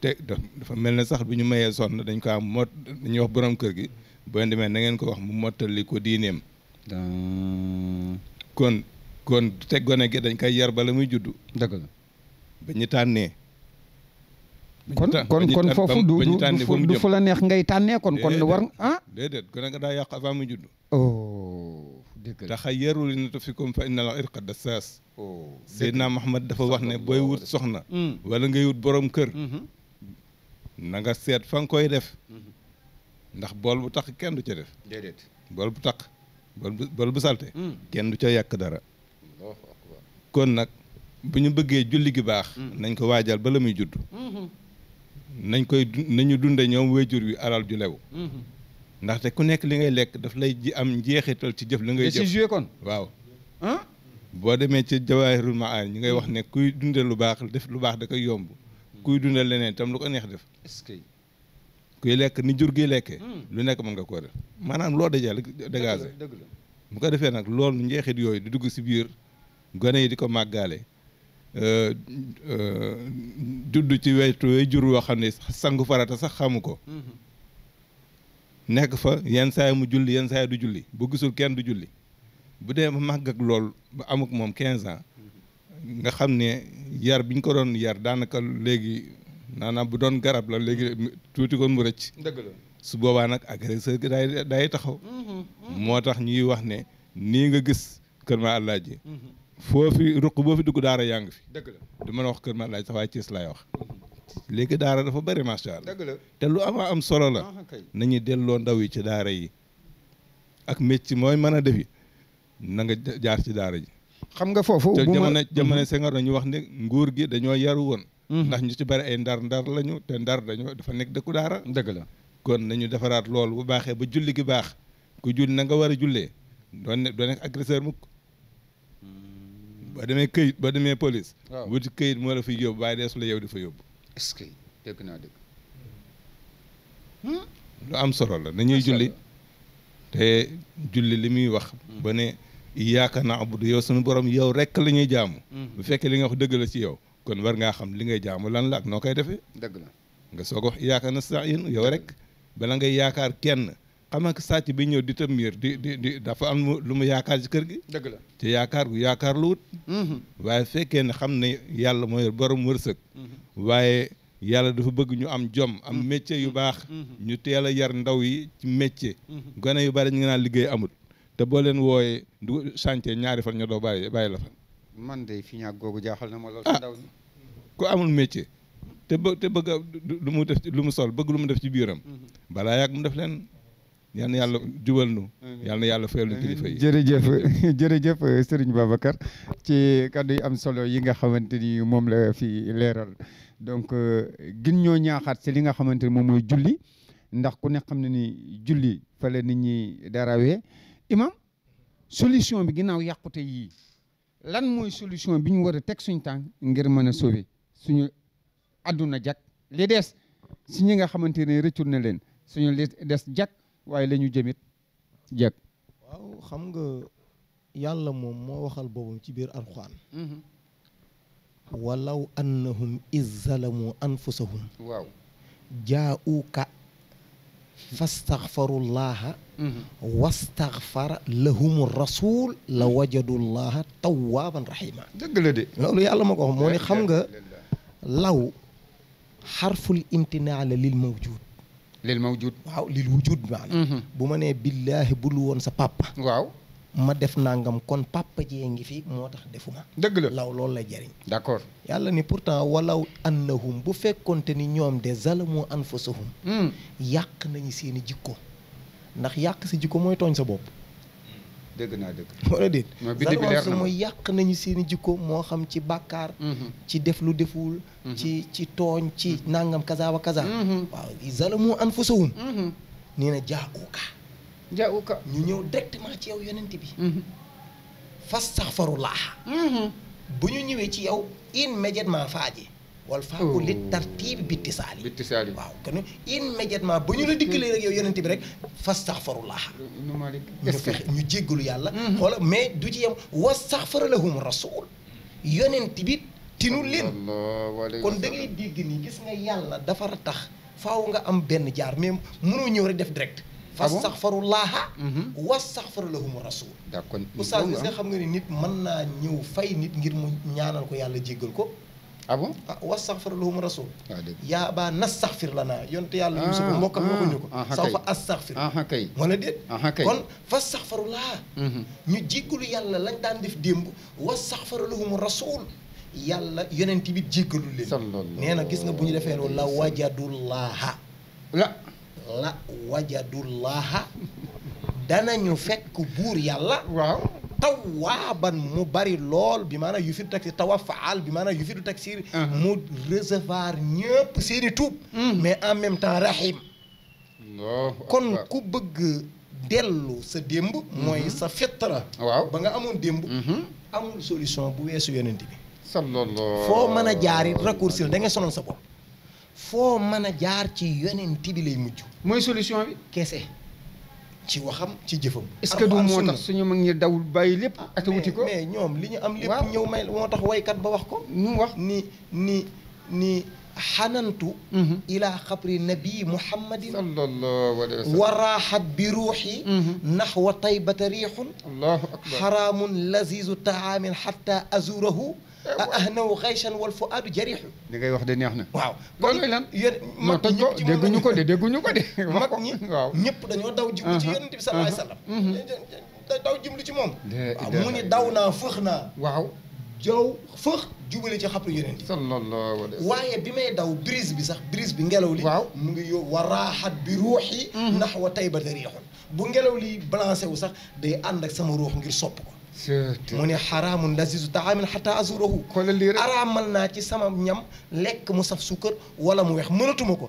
te dafa mel ne sax bu ñu mayee sonn dañ ko am mot dañuy borom kër gi boo demee na ngeen ko wax mu mottali ko diineem. kon kon te gone gi dañ koy yar bala muy juddu. dëgg la ba ñu tànnee. kon kon kon foofu du du du fu la neex ngay tànnee kon kon war ah. déedéet gone nga daa yàq avant muy juddu. Oh. taxayyaruu fikum fa innal irqa dassaas oh, Seydina Muhammad dafa wax ne booy wut soxna mm. wala ngay wut boroom kër mm-hmm. na nga seet fa nga koy def mm-hmm. ndax bool bu tax kenn du ca def déedéet bool bu tax bool bu bool bu salte mm. kenn du ca yàq dara kon nag bu ñu bëggee julli gi baax mm. nañ ko waajal ba la muy judd mm-hmm. nañ koy nañu dunde ñoom wéjur wi alal ju lew ndaxte ku nekk li ngay lekk daf lay ji am njeexital ci jëf la ngay jëf kon waaw ah boo demee ci jawaahirul maani ñu ngay wax nekk kuy dundal lu baax def lu baax da koy yomb kuy dundal leneen tam lu ko neex def est-ce que kuy lekk ni jur gi lekkee hmm. lu nekk mën nga koo def maanaam loo dajale dégagé mu ko defee nag loolu njeexit yooyu di dugg si biir gone yi di ko màggaale judd euh, euh, ci wetu way jur woo xam ne sangu farata sax xamu ko hmm. nekk fa yenn saay mu julli yenn saay du julli bu gisul kenn du julli bu dee ba màgg lool ba amuk moom 15 ans nga xam ne yar bi ñu ko doon yar daanaka léegi naanaam bu doon garab la léegi tuuti kon mu rëcc. dëgg la su boobaa nag ak gi day day taxaw. Mm-hmm, mm-hmm. moo tax ñuy wax ne nii nga gis kër ma àllaaji mm-hmm. foo fi ruq boo fi dugg daara yaa ngi fi. la du mën a wax kër ma àllaaji sax waaye Thiès laay wax. léegi daara dafa bari macha allah. dëgg la te lu ama am solo la. na ah, nañu delloo ndaw yi ci daara yi. ak métti mooy mën a defi na nga jaar ci daara ji. xam nga foofu bu ma jamono mhm. jamono Senghor dañu wax ne nguur gi dañoo yaru woon. Mhm. ndax ñu ci bëri ay ndar-ndar lañu te ndar dañu dafa nekk dëkku daara. dëgg la kon nañu defaraat loolu bu baaxee ba julli gi baax ku julli na nga war a jullee doon ne doo nekk agresseur mukk hmm. ba demee këyit ba demee police. waaw wuti këyit moo la fiy yóbbu waaye deesu la yow di fa yóbbu. est-ce naa dégg hmm? lu am solo la dañuy julli te julli li muy wax hmm. ba ne yaaka na abudu yow sunu borom yow rek la ñuy jaamu hmm. bu fekkee li nga wax dëgg la ci yow kon war ngaa xam li ngay jaamu lan la ak noo koy defee dëgg nga soog a wax yaaka na sax yow rek bala ngay yaakaar kenn xam nga sàcc bi ñëw di tëmmiir di di di dafa am lu mu yaakaar ci kër gi. dëgg la te yaakaar gu yaakaar lu wut. Mm-hmm. waaye fekkee ne xam ne yàlla mooy borom wërsëg. Mm-hmm. waaye yàlla dafa bëgg ñu am jom am mm-hmm. métier yu baax. ñu teel a yar ndaw yi ci métier. gone yu bari ñu ngi naan liggéey amut. te boo leen wooyee du chantier ñaari fan ña doo bàyyi bàyyi la fa. de fi ñaag googu jaaxal na ma lool ah, ndaw ñi ku amul métier. te bë te bëgg lu mu def lu mu sol bëgg lu mu def ci biiram. balaa yàgg mu def leen. yal na yàlla jubal nu yal na yàlla fayal nu kilifa yi jërëjëf (laughs) jërëjëf Serigne Babacar ci kàddu yi am solo yi nga xamante ni moom la fi leeral donc euh, gin ñoo ñaaxaat si li nga xamante ni moom mooy julli ndax ku ne xam ne ni julli fa la nit ñi darawee imam solution bi ginnaaw yàqute yii lan mooy solution bi ñu war a teg suñ tànk ngir mën a sauver suñu àdduna jag li des si ñi nga xamante ne rëccul na leen suñu li des jag waaye la ñu jëmit jeeg waaw xam nga yàlla moom moo waxal boobam ci biir alxuraan walaw annahum izzalamu anfusahum waaw jaa'uuka fastaxfarullaha wastaxfara lahum rasul la wajadu llaha tawaaban rahima dëgg la de loolu yàlla ma ko wax moo ne xam nga law xarful imtinaa la lil mawjud lil mawjud waaw lil wujud maanaam mm-hmm. bu ma nee billaahi bul woon sa papa waaw ma def nangam kon papa jee ngi fi moo tax defuma dëgg la law loolu la jëriñ d'accord yàlla ni pourtant walaw annahum bu fekkonte ni ñoom de zalamu anfusahum mm. yàq nañu seeni jikko ndax yàq si jikko mooy tooñ sa bopp dëgg naa dëgg. wala déet zalwansu mu yàq nañu seeni i jikko moo xam ci bàkkaar. Mm-hmm. ci def lu deful. Mm-hmm. ci ci tooñ ci mm-hmm. nàngam kaza wa kaza. waaw zalamu anfusahum. nee na jaa'uuka. jaa'uuka ñu ñëw directement ci yow yonent bi. fastaxfirullah. bu ñu ñëwee ci yow immédiatement faaji. wal faaku oh. li tartiibi bittisaali bittisaali waaw kon immédiatement ba ñu la dikkalee rek yow yonente bi rek fastaxfarullah ñu fexe ñu jéggalu yàlla mm-hmm. xoola mais du ci yem wastaxfara lahum rasul yonent bi tinu leen kon da ngay dégg ni gis nga yàlla dafa tax faw nga am benn jaar mais mënoo ñëw rek def direct ah fastaxfarullaha mm-hmm. wastaxfara lahumu rasul d'accord oustaz gis nga xam nga ni nit mën naa ñëw fay nit ngir mu ñaanal ko yàlla jéggal ko ah bon ah, wastaxfirlahum rasul ah, yaa baa nastaxfir lanaa yonte yàlla yusufa ah, mbokkam waxuñu ko saw fa astaxfir kay wala déet kon fastaxfirullah mhm. ñu jéggalu yàlla lañ daan def démb wastaxfirlahum rasul yàlla yeneen bi jéggalu leen nee na gis nga bu ñu defee loolu la wajadullaha la la wajadullaha danañu fekk buur yàlla tawaaban mu bari lool bi maanaam yu firu taksir tawa faal bi maanaam yu firu taksir uh-huh. mu recevoir ñëpp seeni tuub mm. mais en même temps rahim kon ku bëgg dellu sa démb mooy mm-hmm. sa fitra waaw ba nga amoon démb mm-hmm. amul solution bu weesu yonent bi sallallahu foo mën a jaar it raccourci la da nga sonoon sa bopp foo mën a jaar ci yonent bi lay mujj mooy solution bi kese ci waxam ci jëfam. est-ce que du moo tax suñu mag ñi dawul bàyyi lépp. ata wuti ko mais ñoom li ñu am lépp. ñëw may moo tax waykat ba wax ko. ñu wax ni ni ni xanantu. ilaa xabri nabii muhammadin. sallallahu alayhi wa sallam waraaxat bi ruuxi. naxwa taybata riixun. allahu akbar xaraamun lazizu taamin xatta azurahu. اهنا وغيشا والفؤاد جريح دغاي واخ دني احنا واو كون لان ما تجو دغو نكو دي دغو نكو دي (laughs) ما واو نيب دانيو داو جيم تي يونتي صلى الله عليه وسلم داو جيم لي تي موم موني داونا فخنا واو جو فخ جوبلي تي خابل يونتي صلى الله عليه وسلم واي بيماي داو بريز بي بريز بي واو مغي وراحت بروحي نحو تيبر ريح بو نغلو لي بلانسي وصاح دي اندك روح غير صوبو mu ne xaraamun lazizu taamin xataa azurahu araamal naa ci sama ñam lekk mu saf sukkar wala mu weex mënatuma ko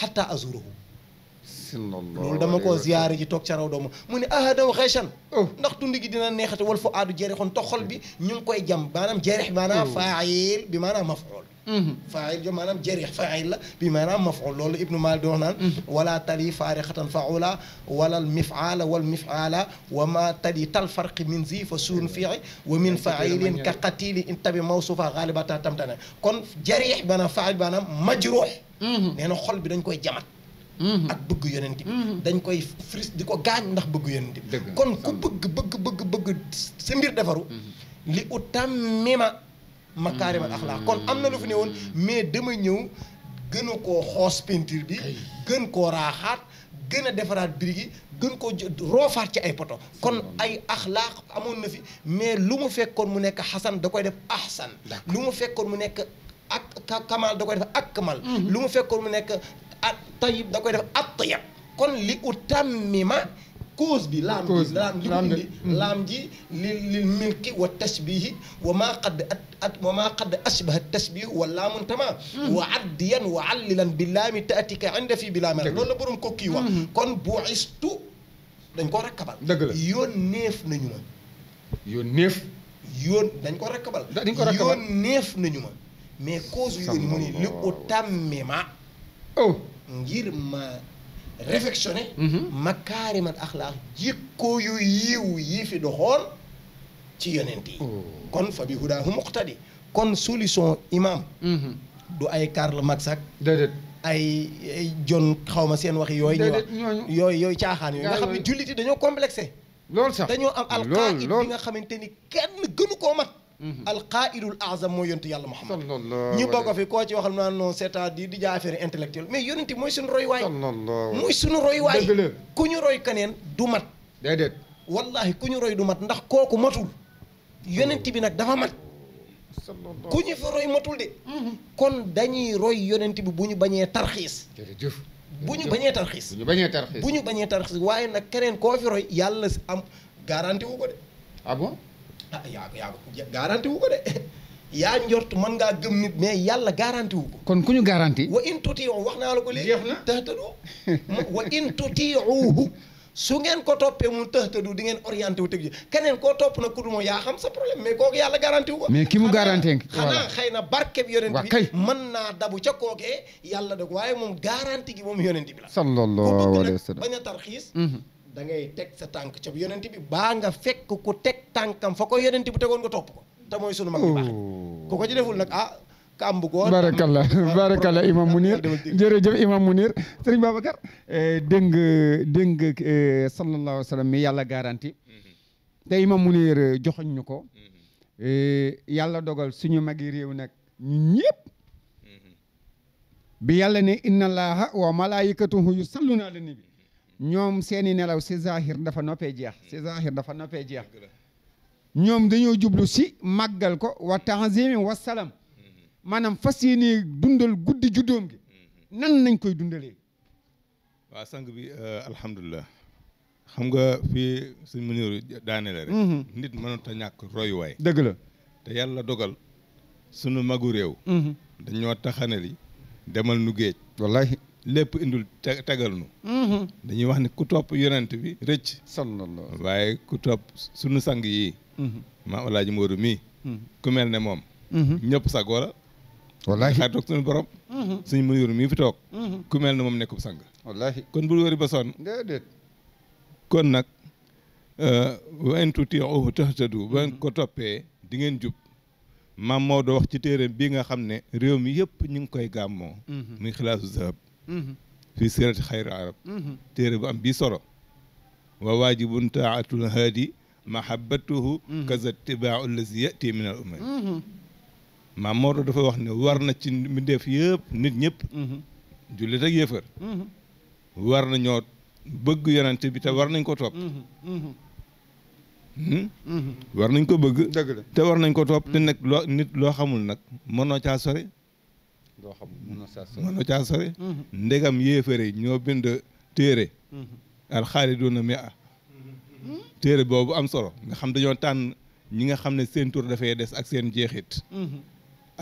xataa oh. azurahu loolu dama ko ziyaare ji toog ca raw dooma mu ne ahadaw xeechan oh. ndax dund gi dina neexate wal fu aadu jerixoon te xol bi ñu ngi koy jam maanaam jerix maanaam oh. faayil bi maanaam mafool فاعل جمانم جريح فاعل بمعنى مفعول لول ابن مال دونان ولا تلي فارقة فعولا ولا المفعال والمفعال وما تلي تالفرق من زي فسون أيوة. فيعي ومن يعني فاعل يعني. كقتيل انت بموصوفة غالبة تمتنى كون جريح بنا فاعل بنا مجروح لأنه خل بدن كوي جمع ak bëgg yonent bi dañ makaarimal axlaa kon am na lu fi ne woon mais dama ñëw gën a koo xoos peinture bi gën koo raaxaat gën a defaraat birigi gën koo roofaat ci ay poto kon ay axlaaq amoon na fi mais lu mu fekkoon mu nekk xasan da koy def ahsan lu mu fekkoon mu nekk ak kamal da koy ak kamal mhm. lu mu fekkoon mu nekk at tayib da koy def at tayib kon li utammima cause bi laam bi laam li ko indi laam ji lil lil milki wa tasbihi wa maa qad at wa maa qad asbaha tasbih wa laamun tama hmm. wa addiyan wa allilan bi laami taatika inda fii bi laami loolu la borom kokki yi wax hmm. kon boo istu dañ ko rakkabal dëgg la yoon neef nañu ma yoon neef yoon dañ ko rakkabal dañ ko rakkabal yoon neef nañu ma mais cause yoon mu ni li utammima oh. ngir ma réfectionné mm-hmm. makaarimal axlaaq ko yu yiiw yii fi xool ci yonent yi oh. kon fa daa hudaahu muqtadi kon solution imaam mm-hmm. du ay Karl Marx ak déedéet ay jon xaw ma seen wax yooyu ñuy wax yooyu yooyu caaxaan yooyu nga xam ne jullit yi dañoo complexé loolu sax dañoo am alqaid bi nga xamante ni kenn gënu koo mag Mhm. alqaa'ilul azam mooy yonent yàlla Muhammad ñu bokk fi koo ci waxal naan non c'est-à-dire di jaay affaire intellectuelle mais yonent mooy suñu roy waay mooy suñu roy waay ku ñu keneen du mat déedéet wallahi ku ñu roy mat ndax kooku matul yonent bi nag dafa mat ku ñu fa roy matul de mhm. kon dañuy roy yonent bi bu ñu bañee tarxiis jërëjëf bu ñu bañee tarxiis bu ñu bañee tarxiis bu ñu bañee tarxiis waaye nag keneen koo fi roy yàlla si am garanti ko de ah ah yaa yaa garanti wu ko de (laughs) yaa njort mën ngaa gëm nit mais yàlla garanti wu kon ku ñu garanti. wa in tutiihu wax naa la ko léegi. jeex na tahtadu hmm? wa in tutiihuhu su ngeen ko toppee mu tahtadu di ngeen orienté wu teg ji keneen koo topp na ku du yaa xam sa problème mais kooku yàlla garanti wu ko. mais ki mu garanti. xanaa xëy na barke bi yonent bi mën naa dabu ca kookee yàlla dog waaye moom garanti gi moom yonent bi la. sallallahu alayhi wa sallam bañ a tarxiis mm-hmm. da ngay teg sa tànk ca yonent bi baa nga fekk ku teg tànkam fa ko yonent bu tegoon nga topp ko te mooy sunu mag bi baax ku ko ci deful nag ah kàmb góor barakallah ah, barakallah imam munir jërëjëf imam munir sëriñ babacar eh, dégg nga dégg nga eh, sallallahu alayhi mi yàlla garanti mm-hmm. te imam munir eh, joxoñ ñu ko mm-hmm. yàlla dogal suñu magi réew nag ñu mm-hmm. bi yàlla ne inna allaha wa naa yusalluna ala nabi ñoom seeni nelaw si zahir dafa noppee jeex si zahir dafa noppee jeex ñoom dañoo jublu si màggal ko wa tanzimi wa salam maanaam fas yéene dundal guddi juddoom gi nan nañ koy dundalee waa sang bi euh, alhamdulilah xam nga fi suñ mëniru daane la rek mhm. nit mënut a ñàkk royuwaay dëgg la te yàlla dogal sunu magu réew mhm. dañoo taxanali demal nu géej wallahi lépp indul tegal nu mm-hmm. dañuy wax ni ku topp yonent bi rëcc sallallahu waaye ku topp sunu sang yi mm-hmm. ma alaaji Moodu mii mm-hmm. ku mel ne moom ñëpp sag wala wallaahi xaar toog suñu borom suñu mënuyóor mii fi toog ku mel moom nekkub sang wallaahi kon bul wëri ba sonn déedéet kon nag euh, wa in tutii'uhu tahtadu ba ko toppee di ngeen jub maam Maodo wax ci téere bii nga xam ne réew mi yëpp ñu ngi koy gàmmoo muy xilaasu zahab Mm-hmm. fii sirati xayri arab mm-hmm. téere bu am bi solo wa waajibun taatul haadi mahabbatuhu mm-hmm. kaza tibau allazi yati min al umami maam Maodo dafa wax ne war na ci mbindeef yëpp nit ñëpp jullit ak yéefar war na ñoo bëgg yonent bi te war nañ ko topp hmm? war nañ ko bëgg dëgg te war nañ ko topp te nag loo nit loo xamul nag mënoo caa sore doo xam mënoo caa sore mhm. ndegam yéefare ñoo bind téere mhm. al xaaliduuna mi a mhm. téere boobu am solo nga xam dañoo tànn ñi nga xam ne seen tur dafay des ak seen jeexit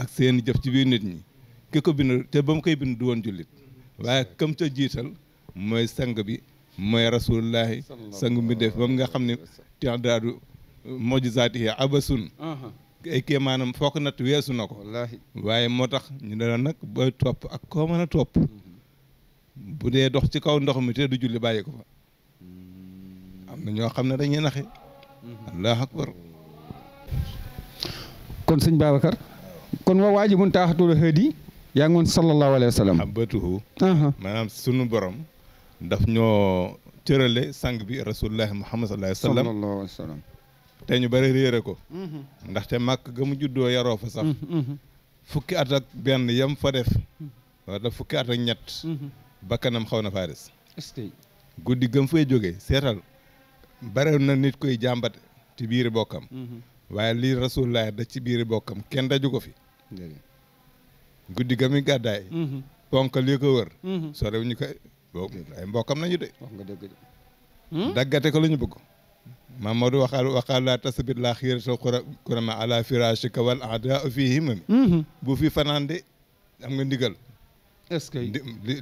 ak seen jëf ci biir nit ñi ki ko bind te ba mu koy bind du woon jullit waaye kam ca jiital mooy sang bi mooy rasulullahi sang bi def ba mu nga xam ne tex daadu mojisaati yi abasun ay foo ko natt na ko waaye moo tax ñu ne nag topp ak koo mën a topp dee dox ci kaw ndox mi te du julli bàyyi ko hmm. am ñoo xam ne dañuy naxe hmm. allahu akbar kon sëñ Babacar kon wa waa ji mun taaxatul xëy yi yaa ngoon sallallahu alayhi wa sallam abatuhu sunu borom daf ñoo cërale sang bi rasulullahi muhammad sallallahu alayhi wa sallam te ñu bari réere ko mm-hmm. ndaxte makk ga mu juddoo yaroo fa sax mm-hmm. Mm-hmm. fukki at ak benn yam fa def wala fukki at ak ñett bakkanam xaw na faa des guddi gëm fay jógee seetal bare na nit koy jàmbat ci biiri bokkam waaye li rasulullah da ci biiri bokkam kenn daju ko fi guddi ga muy gàddaay ponk lii ko wër soo rew ñu koy ay mbokkam nañu de wax nga dëgg daggate ko la bëgg Mamadou waxal waxal laa tasbit laa xiirata kurama ala firashika wal aada fii himami mm-hmm. bu fi fanaan de am nga ndigal est-ce que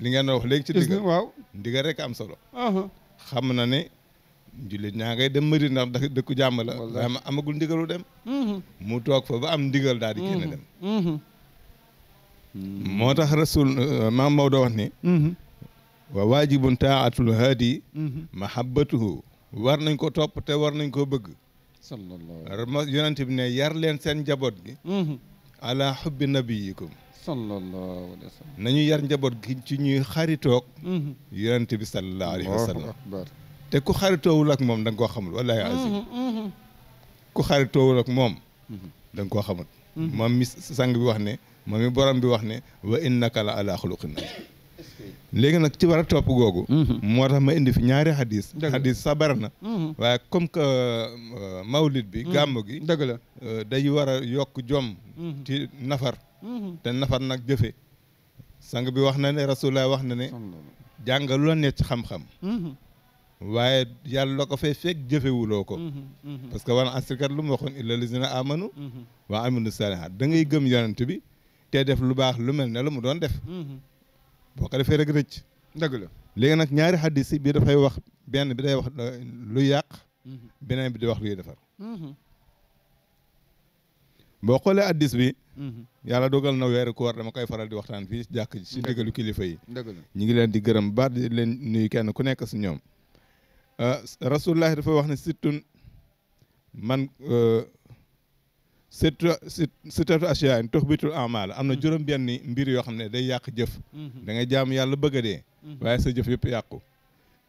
li ngeen wax ndigal rek am solo uh-huh. xam na ne jullit ñaa ngay dem Madina ndax dëkku jàmm la waaye ma amagul ndigalu dem mm-hmm. mu toog fa ba am ndigal daal di génn mm-hmm. dem moo tax rasul uh, Maam Maodo wax ni wa waajibun taatul war nañ ko topp te war nañ koo bëgg sallallahu yonent bi ne yar leen seen njaboot gi mm-hmm. ala xubbi nabiyikum sallallahu alayhi nañu yar njaboot gi ci ñuy xaritoog mm-hmm. yonent bi sallallahu alayhi wa te ku xaritoowul ak moom da nga koo xamul wallahi mm-hmm, azim ku xaritoowul ak moom da nga koo xamul moom mi sang bi wax ne moom mi borom bi wax ne wa innaka la ala xuluqin léegi nag ci war a topp googu mhm. moo tax ma indi fi ñaari xadis xadis sa bari na mhm. waaye comme que euh, mawlid bi mhm. gàmm gi dëgg la euh, day war a yokk jom ci nafar te nafar nag jëfe sang bi wax na ne rasulullah wax na ne jàngalu la nekk ci xam-xam waaye yàlla ko fay fekk jëfewuloo ko parce que wan asrikat lu mu waxoon illa lisina amanu waa aminu salihat dangay gëm yonent bi te def lu baax lu mel ne la mu doon def boo ko defee rek rëcc la léegi nag ñaari xaddis yi bii dafay wax benn bi day wax luy yàq mhm. beneen bi di wax luy defar mhm. boo xoolee addis bi mhm. yàlla dogal na weer weeru koor dama koy faral di waxtaan fii jàkk ji si ndigalu kilifa yi ñu ngi leen di gërëm baat di leen nuyu kenn ku nekk si ñoom euh, rasulullahi dafa wax ne sittun man euh, sitatu asiyaa in tox bitul amal am na mm-hmm. juróom benni mbir yoo xam ne day yàq jëf mm-hmm. da ngay jaam yàlla bëgg a dee mm-hmm. waaye sa jëf yëpp yàqu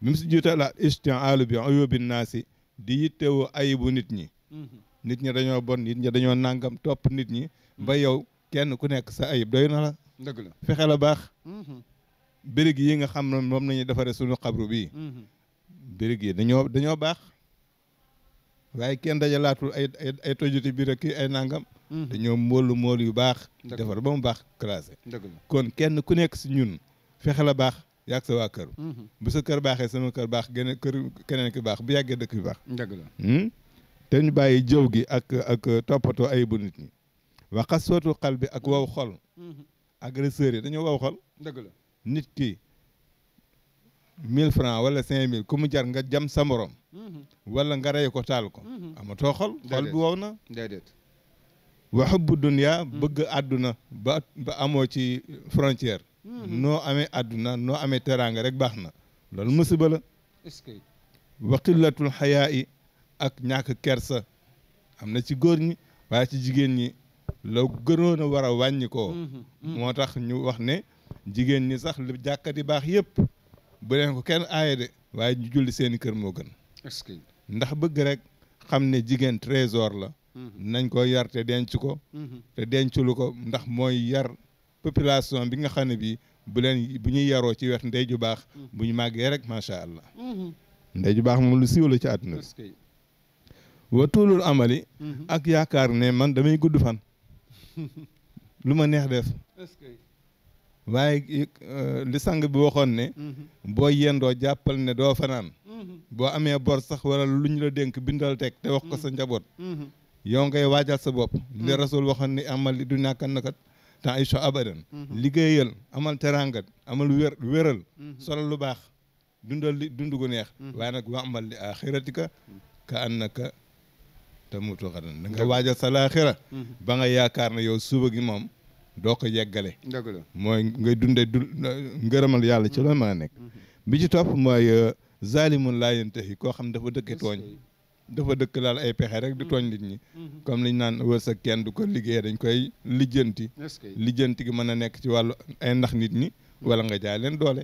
même si jiital la istian alu bi ayóbbi naa si di yittewu ayibu nit ñi nit ñi dañoo bon nit ñi dañoo nàngam topp nit ñi ba yow kenn ku nekk sa ayib doy na la dëgg la fexe la baax bérig yi nga xam ne moom nañu defaree suñu xabru bii bérig yi dañoo baax waaye kenn dajalaatul ay ay ay tojjati biir ay nangam. Mhm. dañoo moolu mool yu baax. defar ba mu baax classé. kon kenn ku nekk si ñun fexe la baax yàgg sa waa kër. Mhm. bu sa kër baaxee sama kër baax gene kër keneen ki baax bu yàggee dëkk yu baax. dëgg la hmm? te ñu bàyyi jëw gi ak ak toppatoo ayibu nit ñi. waxa sootu xal bi ak waw xol. Mhm. agresseurs yi dañoo waw xol. dëgg la nit ki. mille francs wala cinq mille ku mu jar nga jam sa morom mhm. wala nga rey ko taal ko mhm. amatoo xol xol bi wow na déedéet wa xubbu dunya mhm. bëgg àdduna ba ba amoo ci frontière noo amee àdduna noo amee teraanga rek baax na loolu musiba la wa qillatul xayaa yi ak ñàkk kersa am na ci góor ñi waaye ci jigéen ñi loo gënoon a war a wàññi koo moo tax ñu wax ne jigéen ñi sax lu jàkka di baax yëpp bu leen ko kenn aaye de waaye ñu julli seen i kër moo gën. est que ndax bëgg rek xam ne jigéen trésor la. Mhm. nañ koo yar te denc ko. Mhm. te denculu ko ndax mooy yar population bi nga xam ne bii bu leen bu ñuy yaroo ci wet ndey ju baax. Mhm. bu ñu màggee rek macha allah. ndey ju baax moom lu siiw la ci àdduna bi. wa tuulul amali. yaakaar ne man damay gudd fan. (laughs) lu ma neex def. waaye euh, bi waxoon ne. boo yendoo jàppal ne doo fanaan mm-hmm. boo amee bor sax wala lu ñu la dénk bindal teg te wax ko sa mm-hmm. njaboot mm-hmm. yow ngay waajal sa bopp li rasul waxoon ni amal li du ñàkkan nakat temps ay so abadan liggéeyal amal terangat amal wér solo lu baax dundal li dund gu neex waaye nag wa amal li axiratika ka annaka xadan da nga waajal sa laaxira ba nga yaakaar ne yow suba gi moom doo ko yeggale dëgg la mooy ngay dundee du ngërëmal yàlla ci loolu mën a nekk bi ci topp mooy euh, zaalimun laa yi koo xam dafa dëkke tooñ dafa dëkk laal ay pexe rek di mm. tooñ nit ñi mm-hmm. comme liñ naan sa kenn du ko liggéey dañ koy lijjanti lijjanti gi mën a nekk ci wàllu ay ndax nit ñi mm. wala nga jaay leen doole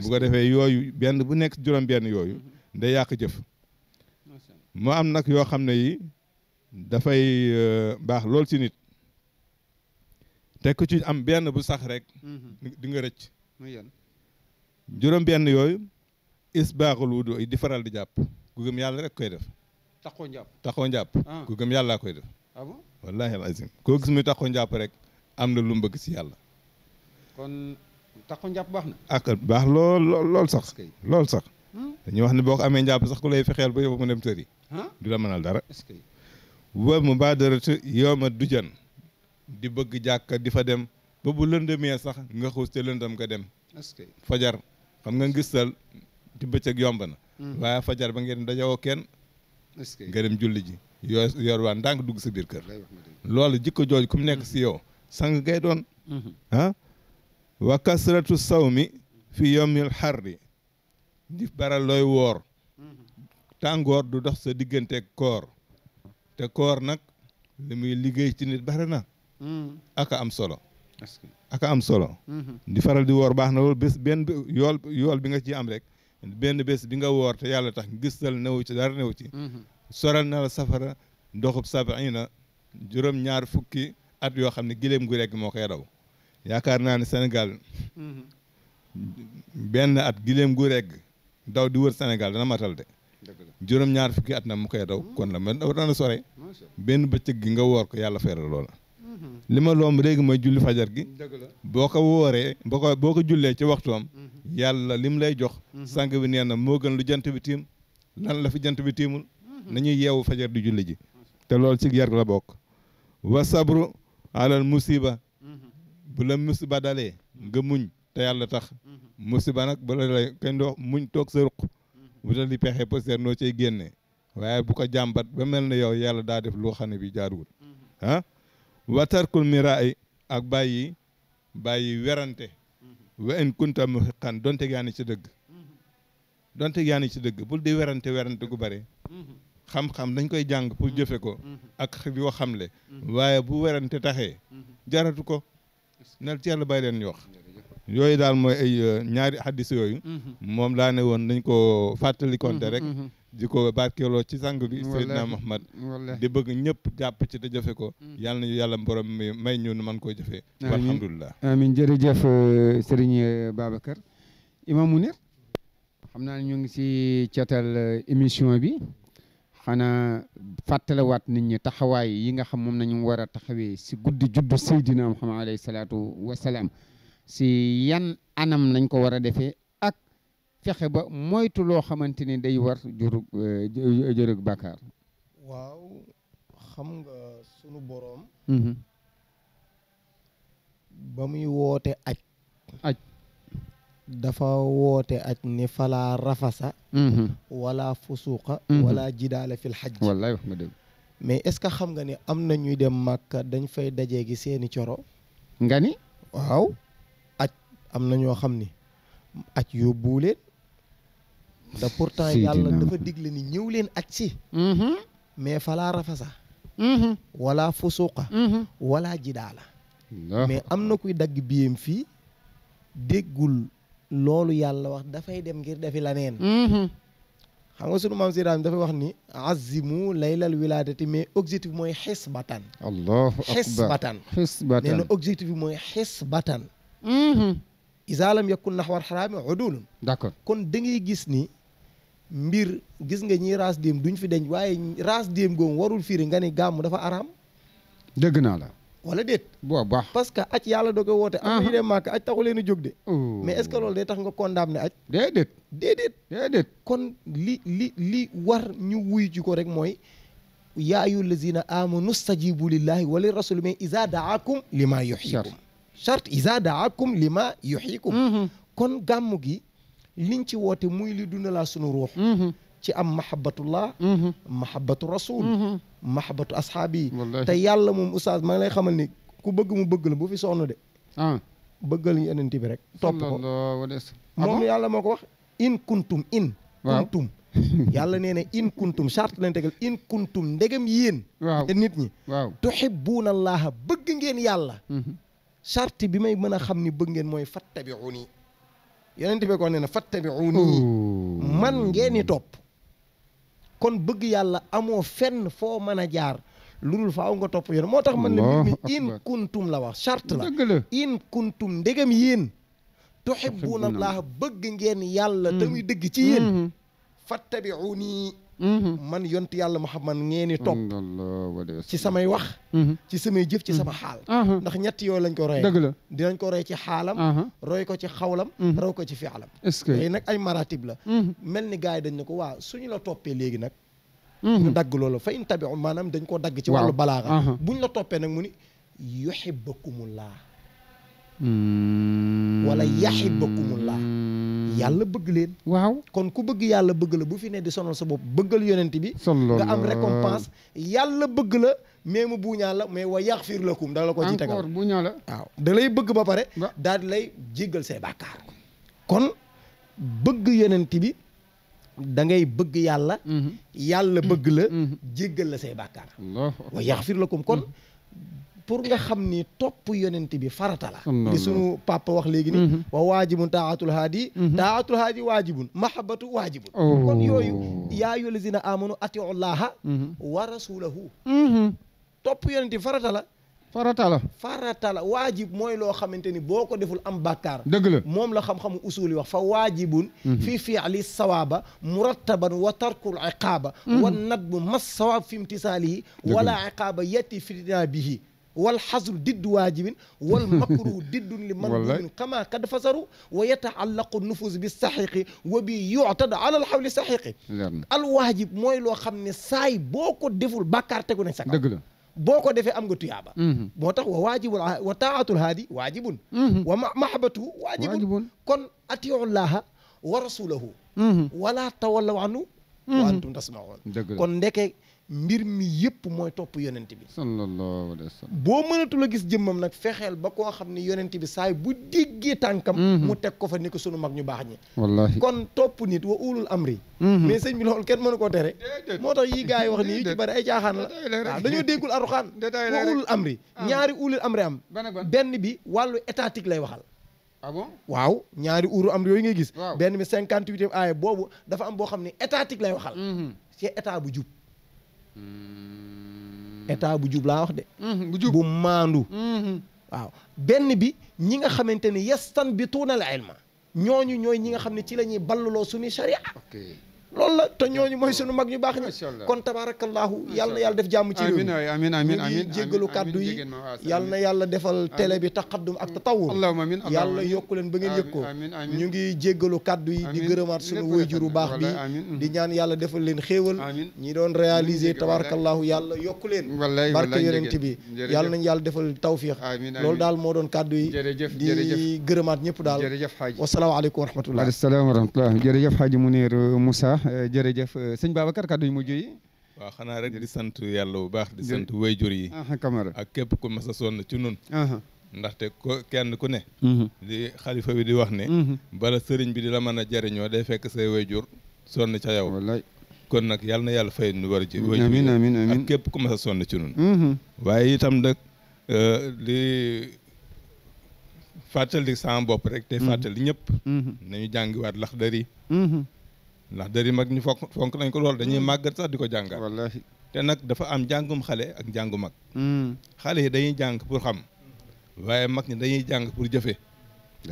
bu ko defee yooyu benn bu nekk juróom benn yooyu mm-hmm. day yàq jëf moo am nag yoo xam ne yi dafay euh, baax lool si nit te ku ci am benn bu sax rek. Mhm. di nga rëcc. juróom benn yooyu isbaaxul wudu di faral di jàpp ku gëm yàlla rek koy def. taxoo njàpp taxoo njàpp. Ah. ku gëm yàllaa koy def. ah koo gis muy taxoo njàpp rek am na lu mu si yàlla. kon taxoo njàpp baax na. ak baax lool lool sax. lool sax. Hmm? dañuy wax ne boo ko amee njàpp sax ku lay fexeel ba yow mu dem tëri. Ah? du la mënal dara. est-ce que. wa mubaadaratu yawma dujan di bëgg jàkk di fa dem ba bu lëndëmee sax nga xuus te lëndëm nga dem fajar xam nga ngistal di bëccëg yomb na hmm. waaye fajar ba ngeen dajawoo kenn nga dem julli ji yoo yor waa ndànk dugg sa biir kër loolu jikko jooj ku mu nekk si yow sang ngay doon hmm. ah wa kasratu sawmi fi xar bi di baral looy woor hmm. tàngoor du dox sa digganteeg koor te koor nag li muy liggéey ci nit bare na Mm. aka am solo aka am solo mm-hmm. di faral di woor baax na loolu bés benn yool yool bi nga ci am rek benn bés bi nga woor te yàlla tax gistal newu ci dara newu ci mm-hmm. soral na la safara doxub sabaina juróom ñaar fukki at yoo xam ne giléem gu rekk moo koy daw yaakaar naa ne senegal mm-hmm. benn at giléem gu regg daw di wër Sénégal dana matal de juróom-ñaar fukki at na mu koy daw kon la man dana sore benn bëccëg gi nga woor ko yàlla feeral loola li ma loom léegi mooy julli fajar gi boo ko wooree boo ko boo ko jullee ci waxtoom mhm. yàlla lim lay jox mhm. sànq bi nee na moo gën lu jant bi tiim lan la fi jant bi tiimul mhm. nañuy yeewu fajar di julli ji te loolu ci yar la bokk wa sabru alal musiba bu la musiba dalee nga muñ te yàlla tax musiba nag bu la lay kañ doo muñ toog sa ruq bu dal di pexee poster noo cay génnee waaye bu ko jàmbat ba mel ne yow yàlla daa def loo xam ne bi jaaruwul ah watarkul miraay ak bàyyi bàyyi werante wa in kunta muhiqan donte yaa ci dëgg donte yaa ci dëgg bul di werante werante gu bare xam-xam dañ koy jàng pour jëfe ko ak di xam xamle waaye bu werante taxee jaratu ko nel ci yàlla bàyyi leen ñu yooyu daal mooy ay euh, ñaari xaddis yooyu mm-hmm. moom laa ne woon dañ ko fàttalikonte mm-hmm. rek mm-hmm. di ko barkeeloo ci sang bi Seydina Muhammad di bëgg ñëpp jàpp ci te jëfe ko mm. yàlla nañu yàlla borom may ñu man koo jëfee alhamdulilah amin jërëjëf euh, sëriñ euh, Babacar Imam Mounir xam naa ne ñu ngi si ceetal euh, émission bi xanaa fàttalewaat nit ñi taxawaay yi nga xam moom nañu war a taxawee si guddi juddu Seydina Muhammad alayhi salaatu wasalaam si yan anam lañ ko war a defee fexe ba moytu loo xamante ni day war jurug eh, jurug bàkkaar waaw xam nga sunu boroom mm-hmm. ba muy woote aj aj dafa woote aj ni falaa rafasa mm-hmm. wala fusuqa mm-hmm. wala jidaala fil xaj wallaay dëgg mais est-ce que xam nga ni am na ñuy dem màkka dañ fay dajee gi seeni coro nga ni waaw aj am na ñoo xam ni aj yu leen te pourtant yàlla dafa digle ni ñëw leen ak si mais falaa rafasa wala fusuqa wala jidaala mais am na kuy dagg biyem fii déggul loolu yàlla wax dafay dem ngir defi la neen xam nga sunu maam Siraan dafay wax ni azimu laylal wilaadati mais objectif mooy xisbatan allahu akbar xisbatan xisbatan nee na objectif bi mooy xisbatan isaalam yakun naxwar xaraami udulun d'accord kon da ngay gis ni mbir gis nga ñiy raas déem duñ fi denc waaye raas déem goom warul firi nga ni gàmm dafa araam dëgg naa la wala déet bu baax parce que aj yàlla doo ko woote am ñu dem màkk aj taxu leen a jóg de mais est-ce que loolu day tax nga condamné aj déedéet déedéet déedéet kon li li li war ñu wuy ji ko rek mooy yaa ayu lazina amanu stajibu lillahi wa li rasuli mais isa daakum lima yuhyikum charte isa lima yuhyikum kon gàmm gi liñ ci woote muy li dundalaa sunu ruux mm-hmm. ci am mahabbatullah mm-hmm. mahabbatu rasul mm-hmm. mahabbatu asxaab yi te yàlla moom oustaz maa lay xamal ni ku bëgg mu bëgg la bu fi sonn de ah. bëggal ñu yeneen bi rek topp ko moom ah yàlla moo ko wax in kuntum in kuntum (laughs) yàlla nee na in kuntum charte lañ tegal in kuntum ndegam yéen te nit ñi waaw tuhibbuuna allaha bëgg ngeen yàlla charte bi may mën a xam ni bëgg ngeen mooy fattabi'uni yeneen bi ko ne na fattabi'uni man ngeen i topp kon bëgg yàlla amoo fenn foo mën a jaar lu dul faaw nga topp yoon moo tax man la mbir mi in kuntum la wax charte la in kuntum ndegam yéen tuhibbuuna allaha bëgg ngeen yàlla te muy dëgg ci yéen mm-hmm. fattabi'uni Mm-hmm. man yont yàlla Muhammad ngeen di topp ci samay wax mm-hmm. ci samay jëf ci sama mm-hmm. xaal uh-huh. ndax ñett yooyu lañ ko royee dëgg la dinañ ko roy ci xaalam uh-huh. roy ko ci xawlam roy ko ci fialam est-ce que léegi nag ay maratib la mel ni gars yi dañ ne ko waaw suñu la toppee léegi nag ñu dagg loolu fa in tabiu maanaam dañ koo dagg ci wàllu balaaxa uh-huh. buñ la toppee nag mu ni yuhibbakumullah wala yahibbakumullaa Mm-hmm. yàlla bëgg leen waaw kon ku bëgg yàlla bëgg la bu fi ne di sonal sa bopp bëggal yonent bi nga am récompense yàlla bëgg la mais mu buuñaa la mais wa yaxfir lakum da la ko ci tegal encore buuñaa la waaw da lay bëgg ba pare daal di lay jéggal say bàkkaar kon bëgg yonent bi da ngay bëgg yàlla mm-hmm. yàlla bëgg la mm-hmm. jéggal la say bàkkaar wa yaxfir lakum kon pour nga xamni top yonent bi farata la li sunu papa wax legui ni wa wajibun taatul hadi taatul hadi wajibun mahabatu wajibun kon yoyu ya yulzina amanu atiu allah wa rasulahu top yonent farata la farata la farata la wajib moy lo xamanteni boko deful am bakar deug la mom la xam xam usul wax fa wajibun fi fi'li sawaba murattaban wa tarkul iqaaba wa nadbu mas sawab fi imtisali wala iqaba yati fi bihi wal xasru diddu waajibin wal makruhu (laughs) diddun li mandubin kama kad fasaru wa yataallaqu nufus bi saxiqi wa bi yuctada ala al xawli saxiqi al waajib mooy loo xam ne saay boo ko deful bàkkaar tegu nañ sa kaw dëgg la boo ko defee am nga tuyaaba mm-hmm. moo tax wa waajibul wa taatul haadi waajibun mm-hmm. wa mahabatuhu waajibun kon atiullaha wa rasulahu mm-hmm. wala tawallaw anhu wa mhm. antum tasmaoon kon ndeke mbir mi yëpp mooy topp yonent bi sallallahu boo mënatul a gis jëmmam nag fexeel ba koo xam ne yonent bi saay bu déggee tànkam mhm. mu teg ko fa ni ko sunu mag ñu baax ñi wallaahi kon topp nit wa ulul amri mhm. mais sëñ bi loolu kenn mënu koo tere moo tax yi gars yi wax nii yu ci bari ay caaxaan la waaw dañoo déggul aruxaan wa ulul amri ah. ñaari ulul amri am benn bi wàllu étatique lay waxal ah waaw ñaari uuru am yooyu ngay gis. benn mi cinquante huitième aaya boobu dafa am boo xam ne étatique lay waxal. Mm-hmm. ci état bu jub. Mm-hmm. état bu jub laa wax de. Mm-hmm, bu jub maandu. waaw benn bi ñi nga xamante ne yastan bi tuunal ilma ñooñu ñooy ñi nga xam ne ci la ñuy balluloo suñu sharia. loolu la te ñooñu mooy sunu mag ñu baax ñi kon tabaarakallaahu yal na yàlla def jàmm ci réew mi amiin amiin amiin jéggalu kàddu yi yal na yàlla defal télé bi taqaddum ak tatawur yàlla yokku leen ba ngeen yëg ko ñu ngi jéggalu kàddu yi di gërëmaat sunu wayjuru baax bi di ñaan yàlla defal leen xéewal ñi doon réaliser tabaarakallaahu yàlla yokku leen barke yonent bi yàlla nañ yàlla defal tawfiix loolu daal moo doon kàddu yi di gërëmaat ñëpp daal wasalaamu aleykum wa rahmatullah jërëjëf Xaaji Muniir euh, Moussa (laughs) jërëjëf euh, sëñ Babacar kàddu yu mujj yi. waaw xanaa rek di sant yàlla bu baax. di sant wayjur yi. Ah, Camara ak képp ku masa sonn ci nun ndaxte ko kenn ku ne. li mhm. xalifa bi di wax ne. Mhm. bala sëriñ bi di la mën a jariñoo day fekk say wayjur sonn ca yow. wallaay kon nag yal na yàlla fay nu war ci. amiin amiin amiin ak képp ku mas a sonn ci nun mhm. waaye itam nag li. Euh, fàttali sama bopp rek te fàttali ñëpp nañu jàngiwaat laxdari ndax dëri mag ñu fonk fonk nañ ko lool dañuy mm. màggat sax di ko jàngal wallaahi te nag dafa am jàngum xale ak jàngu mag mm. xale yi dañuy jàng pour xam waaye mag ñi dañuy jàng pour jëfe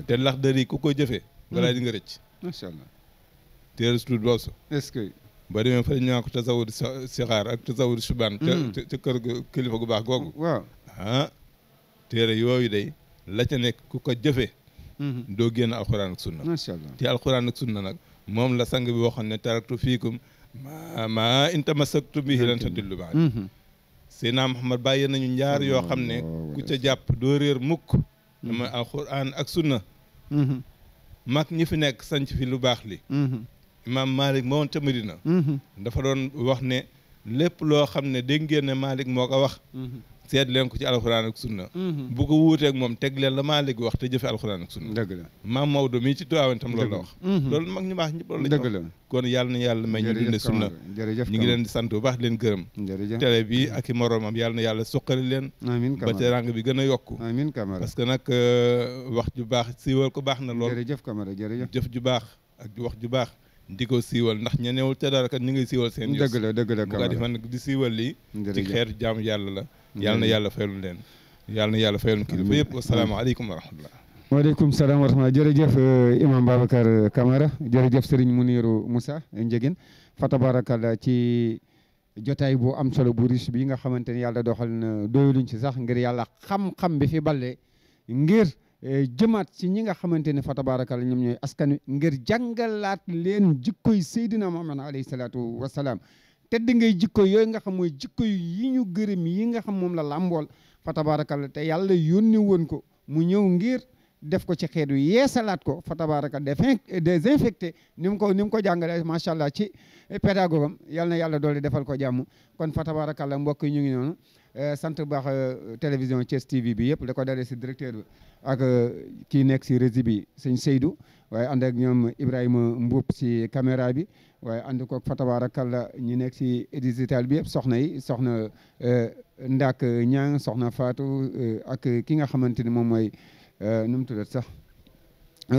te ndax dëri ku ko jëfe walaay di mm. nga rëcc macha allah téere su ce que ba demee fa ñaa ko tasawur sixaar ak tasawur subaan ca kër kilifa gu baax googu waaw ah yooyu day la ca nekk ku ko jëfe mm-hmm. doo génn alxuraan ak sunna macha allah te alxuraan ak sunna nag moom la sang bi waxoon ne taraktu fiikum ma ma in tamassaktum bihi lan tadillu ba'd mhm. Seydina Muhammad bàyyi nañu ñaar yoo xam ne ku ca jàpp doo réer mukk mhm. dama alquran ak sunna mhm. mag ñi fi nekk sanc fi lu baax li imaam Malik moo woon ca Medina dafa doon wax ne lépp loo xam ne dégg ngeen Malik moo ko wax seet leen ko ci alxuraan ak sunna mhm. bu ko wuuteeg moom teg leen la maa léegi wax te jëfe alxuraan ak sunna dëgg la maam Maodo mii ci Tiwaawan tam loolu la wax mhm. loolu mag ñu baax la ñu wax kon ngi leen sant bu baax leen gërëm télé bi ak i moroomam yàlla na yàlla suqali leen ba terang bi gën a yokku parce que nag euh, wax ju baax siiwal ko baax na lool jërëjëf Camara jërëjëf jëf ju baax ak wax ju baax di ko siiwal ndax ña newul ca dara kat ñu ngi siiwal seen. dëgg la dëgg la Kamara bu nag di siiwal lii. ci xeetu jaam yàlla la. yàlla na yàlla fayal leen. yàlla na yàlla fayal kilifa yëpp asalaamaaleykum wa rahmatullah. waaleykum salaam wa rahmatullah jërëjëf eh, Imam Babacar eh, Kamara jërëjëf Serigne Mounirou Moussa eh, Ndiéguène fa tabarakallah ci jotaay bu am solo bu riche bi nga xamante ne yàlla doxal na doyaluñ ci sax ngir yàlla xam-xam bi fi balle ngir Eh, jëmaat ci ñi nga xamante ne fa tabaarakal ñoom ñooy askan wi ngir jàngalaat leen jikkoy Seydina Muhammad alayhi salaatu wa salaam tedd ngay jikko yooyu nga xam mooy jikko yi ñu gërëm yi nga xam moom la làmbool fa tabaarakal te yàlla yónni woon ko mu ñëw ngir def ko ci xeet wi yeesalaat ko fa des désinfecté ni mu ko ni mu ko jàngalee macha allah ci pédagogue am yal na yàlla doole defal ko jàmm kon fa tabaarakal mbokk yi ñu ngi noonu. Euh, sant baax euh, télévision Thiès TV bi yëpp da ko dalee si directeur ak euh, ki nek ci régie bi sëñ Seydou waaye and ak ñom Ibrahima Mbuub ci caméra bi waaye and ko fatabaarakalla ñi nekk si digital bi yëpp soxna yi soxna Ndak ñang soxna Fatou ak ki nga xamanteni mom moy mooy tudat sax.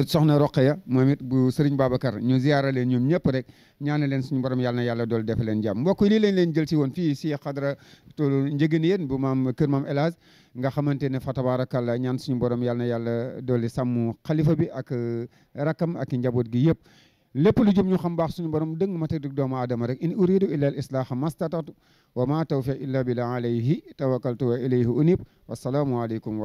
soxna Roqeya moom it bu Serigne Babacar ñu ziyaara leen ñoom ñëpp rek ñaane leen suñu borom yàlla na yàlla dool def leen jàmm mbokk yi lii leen leen jël si woon fii si xadra tool njëgën yéen bu maam kër maam El nga xamante ne fa tabaarakàlla ñaan suñu borom yàlla na yàlla dolli sàmm xalifa bi ak euh, rakam ak njaboot gi yëpp lépp lu jëm ñu xam baax suñu borom dëng ma tëdd doomu aadama rek in uridu illa al islaaha mastatatu wa ma tawfiq illa billah alayhi tawakkaltu wa ilayhi unib wasalaamu aleykum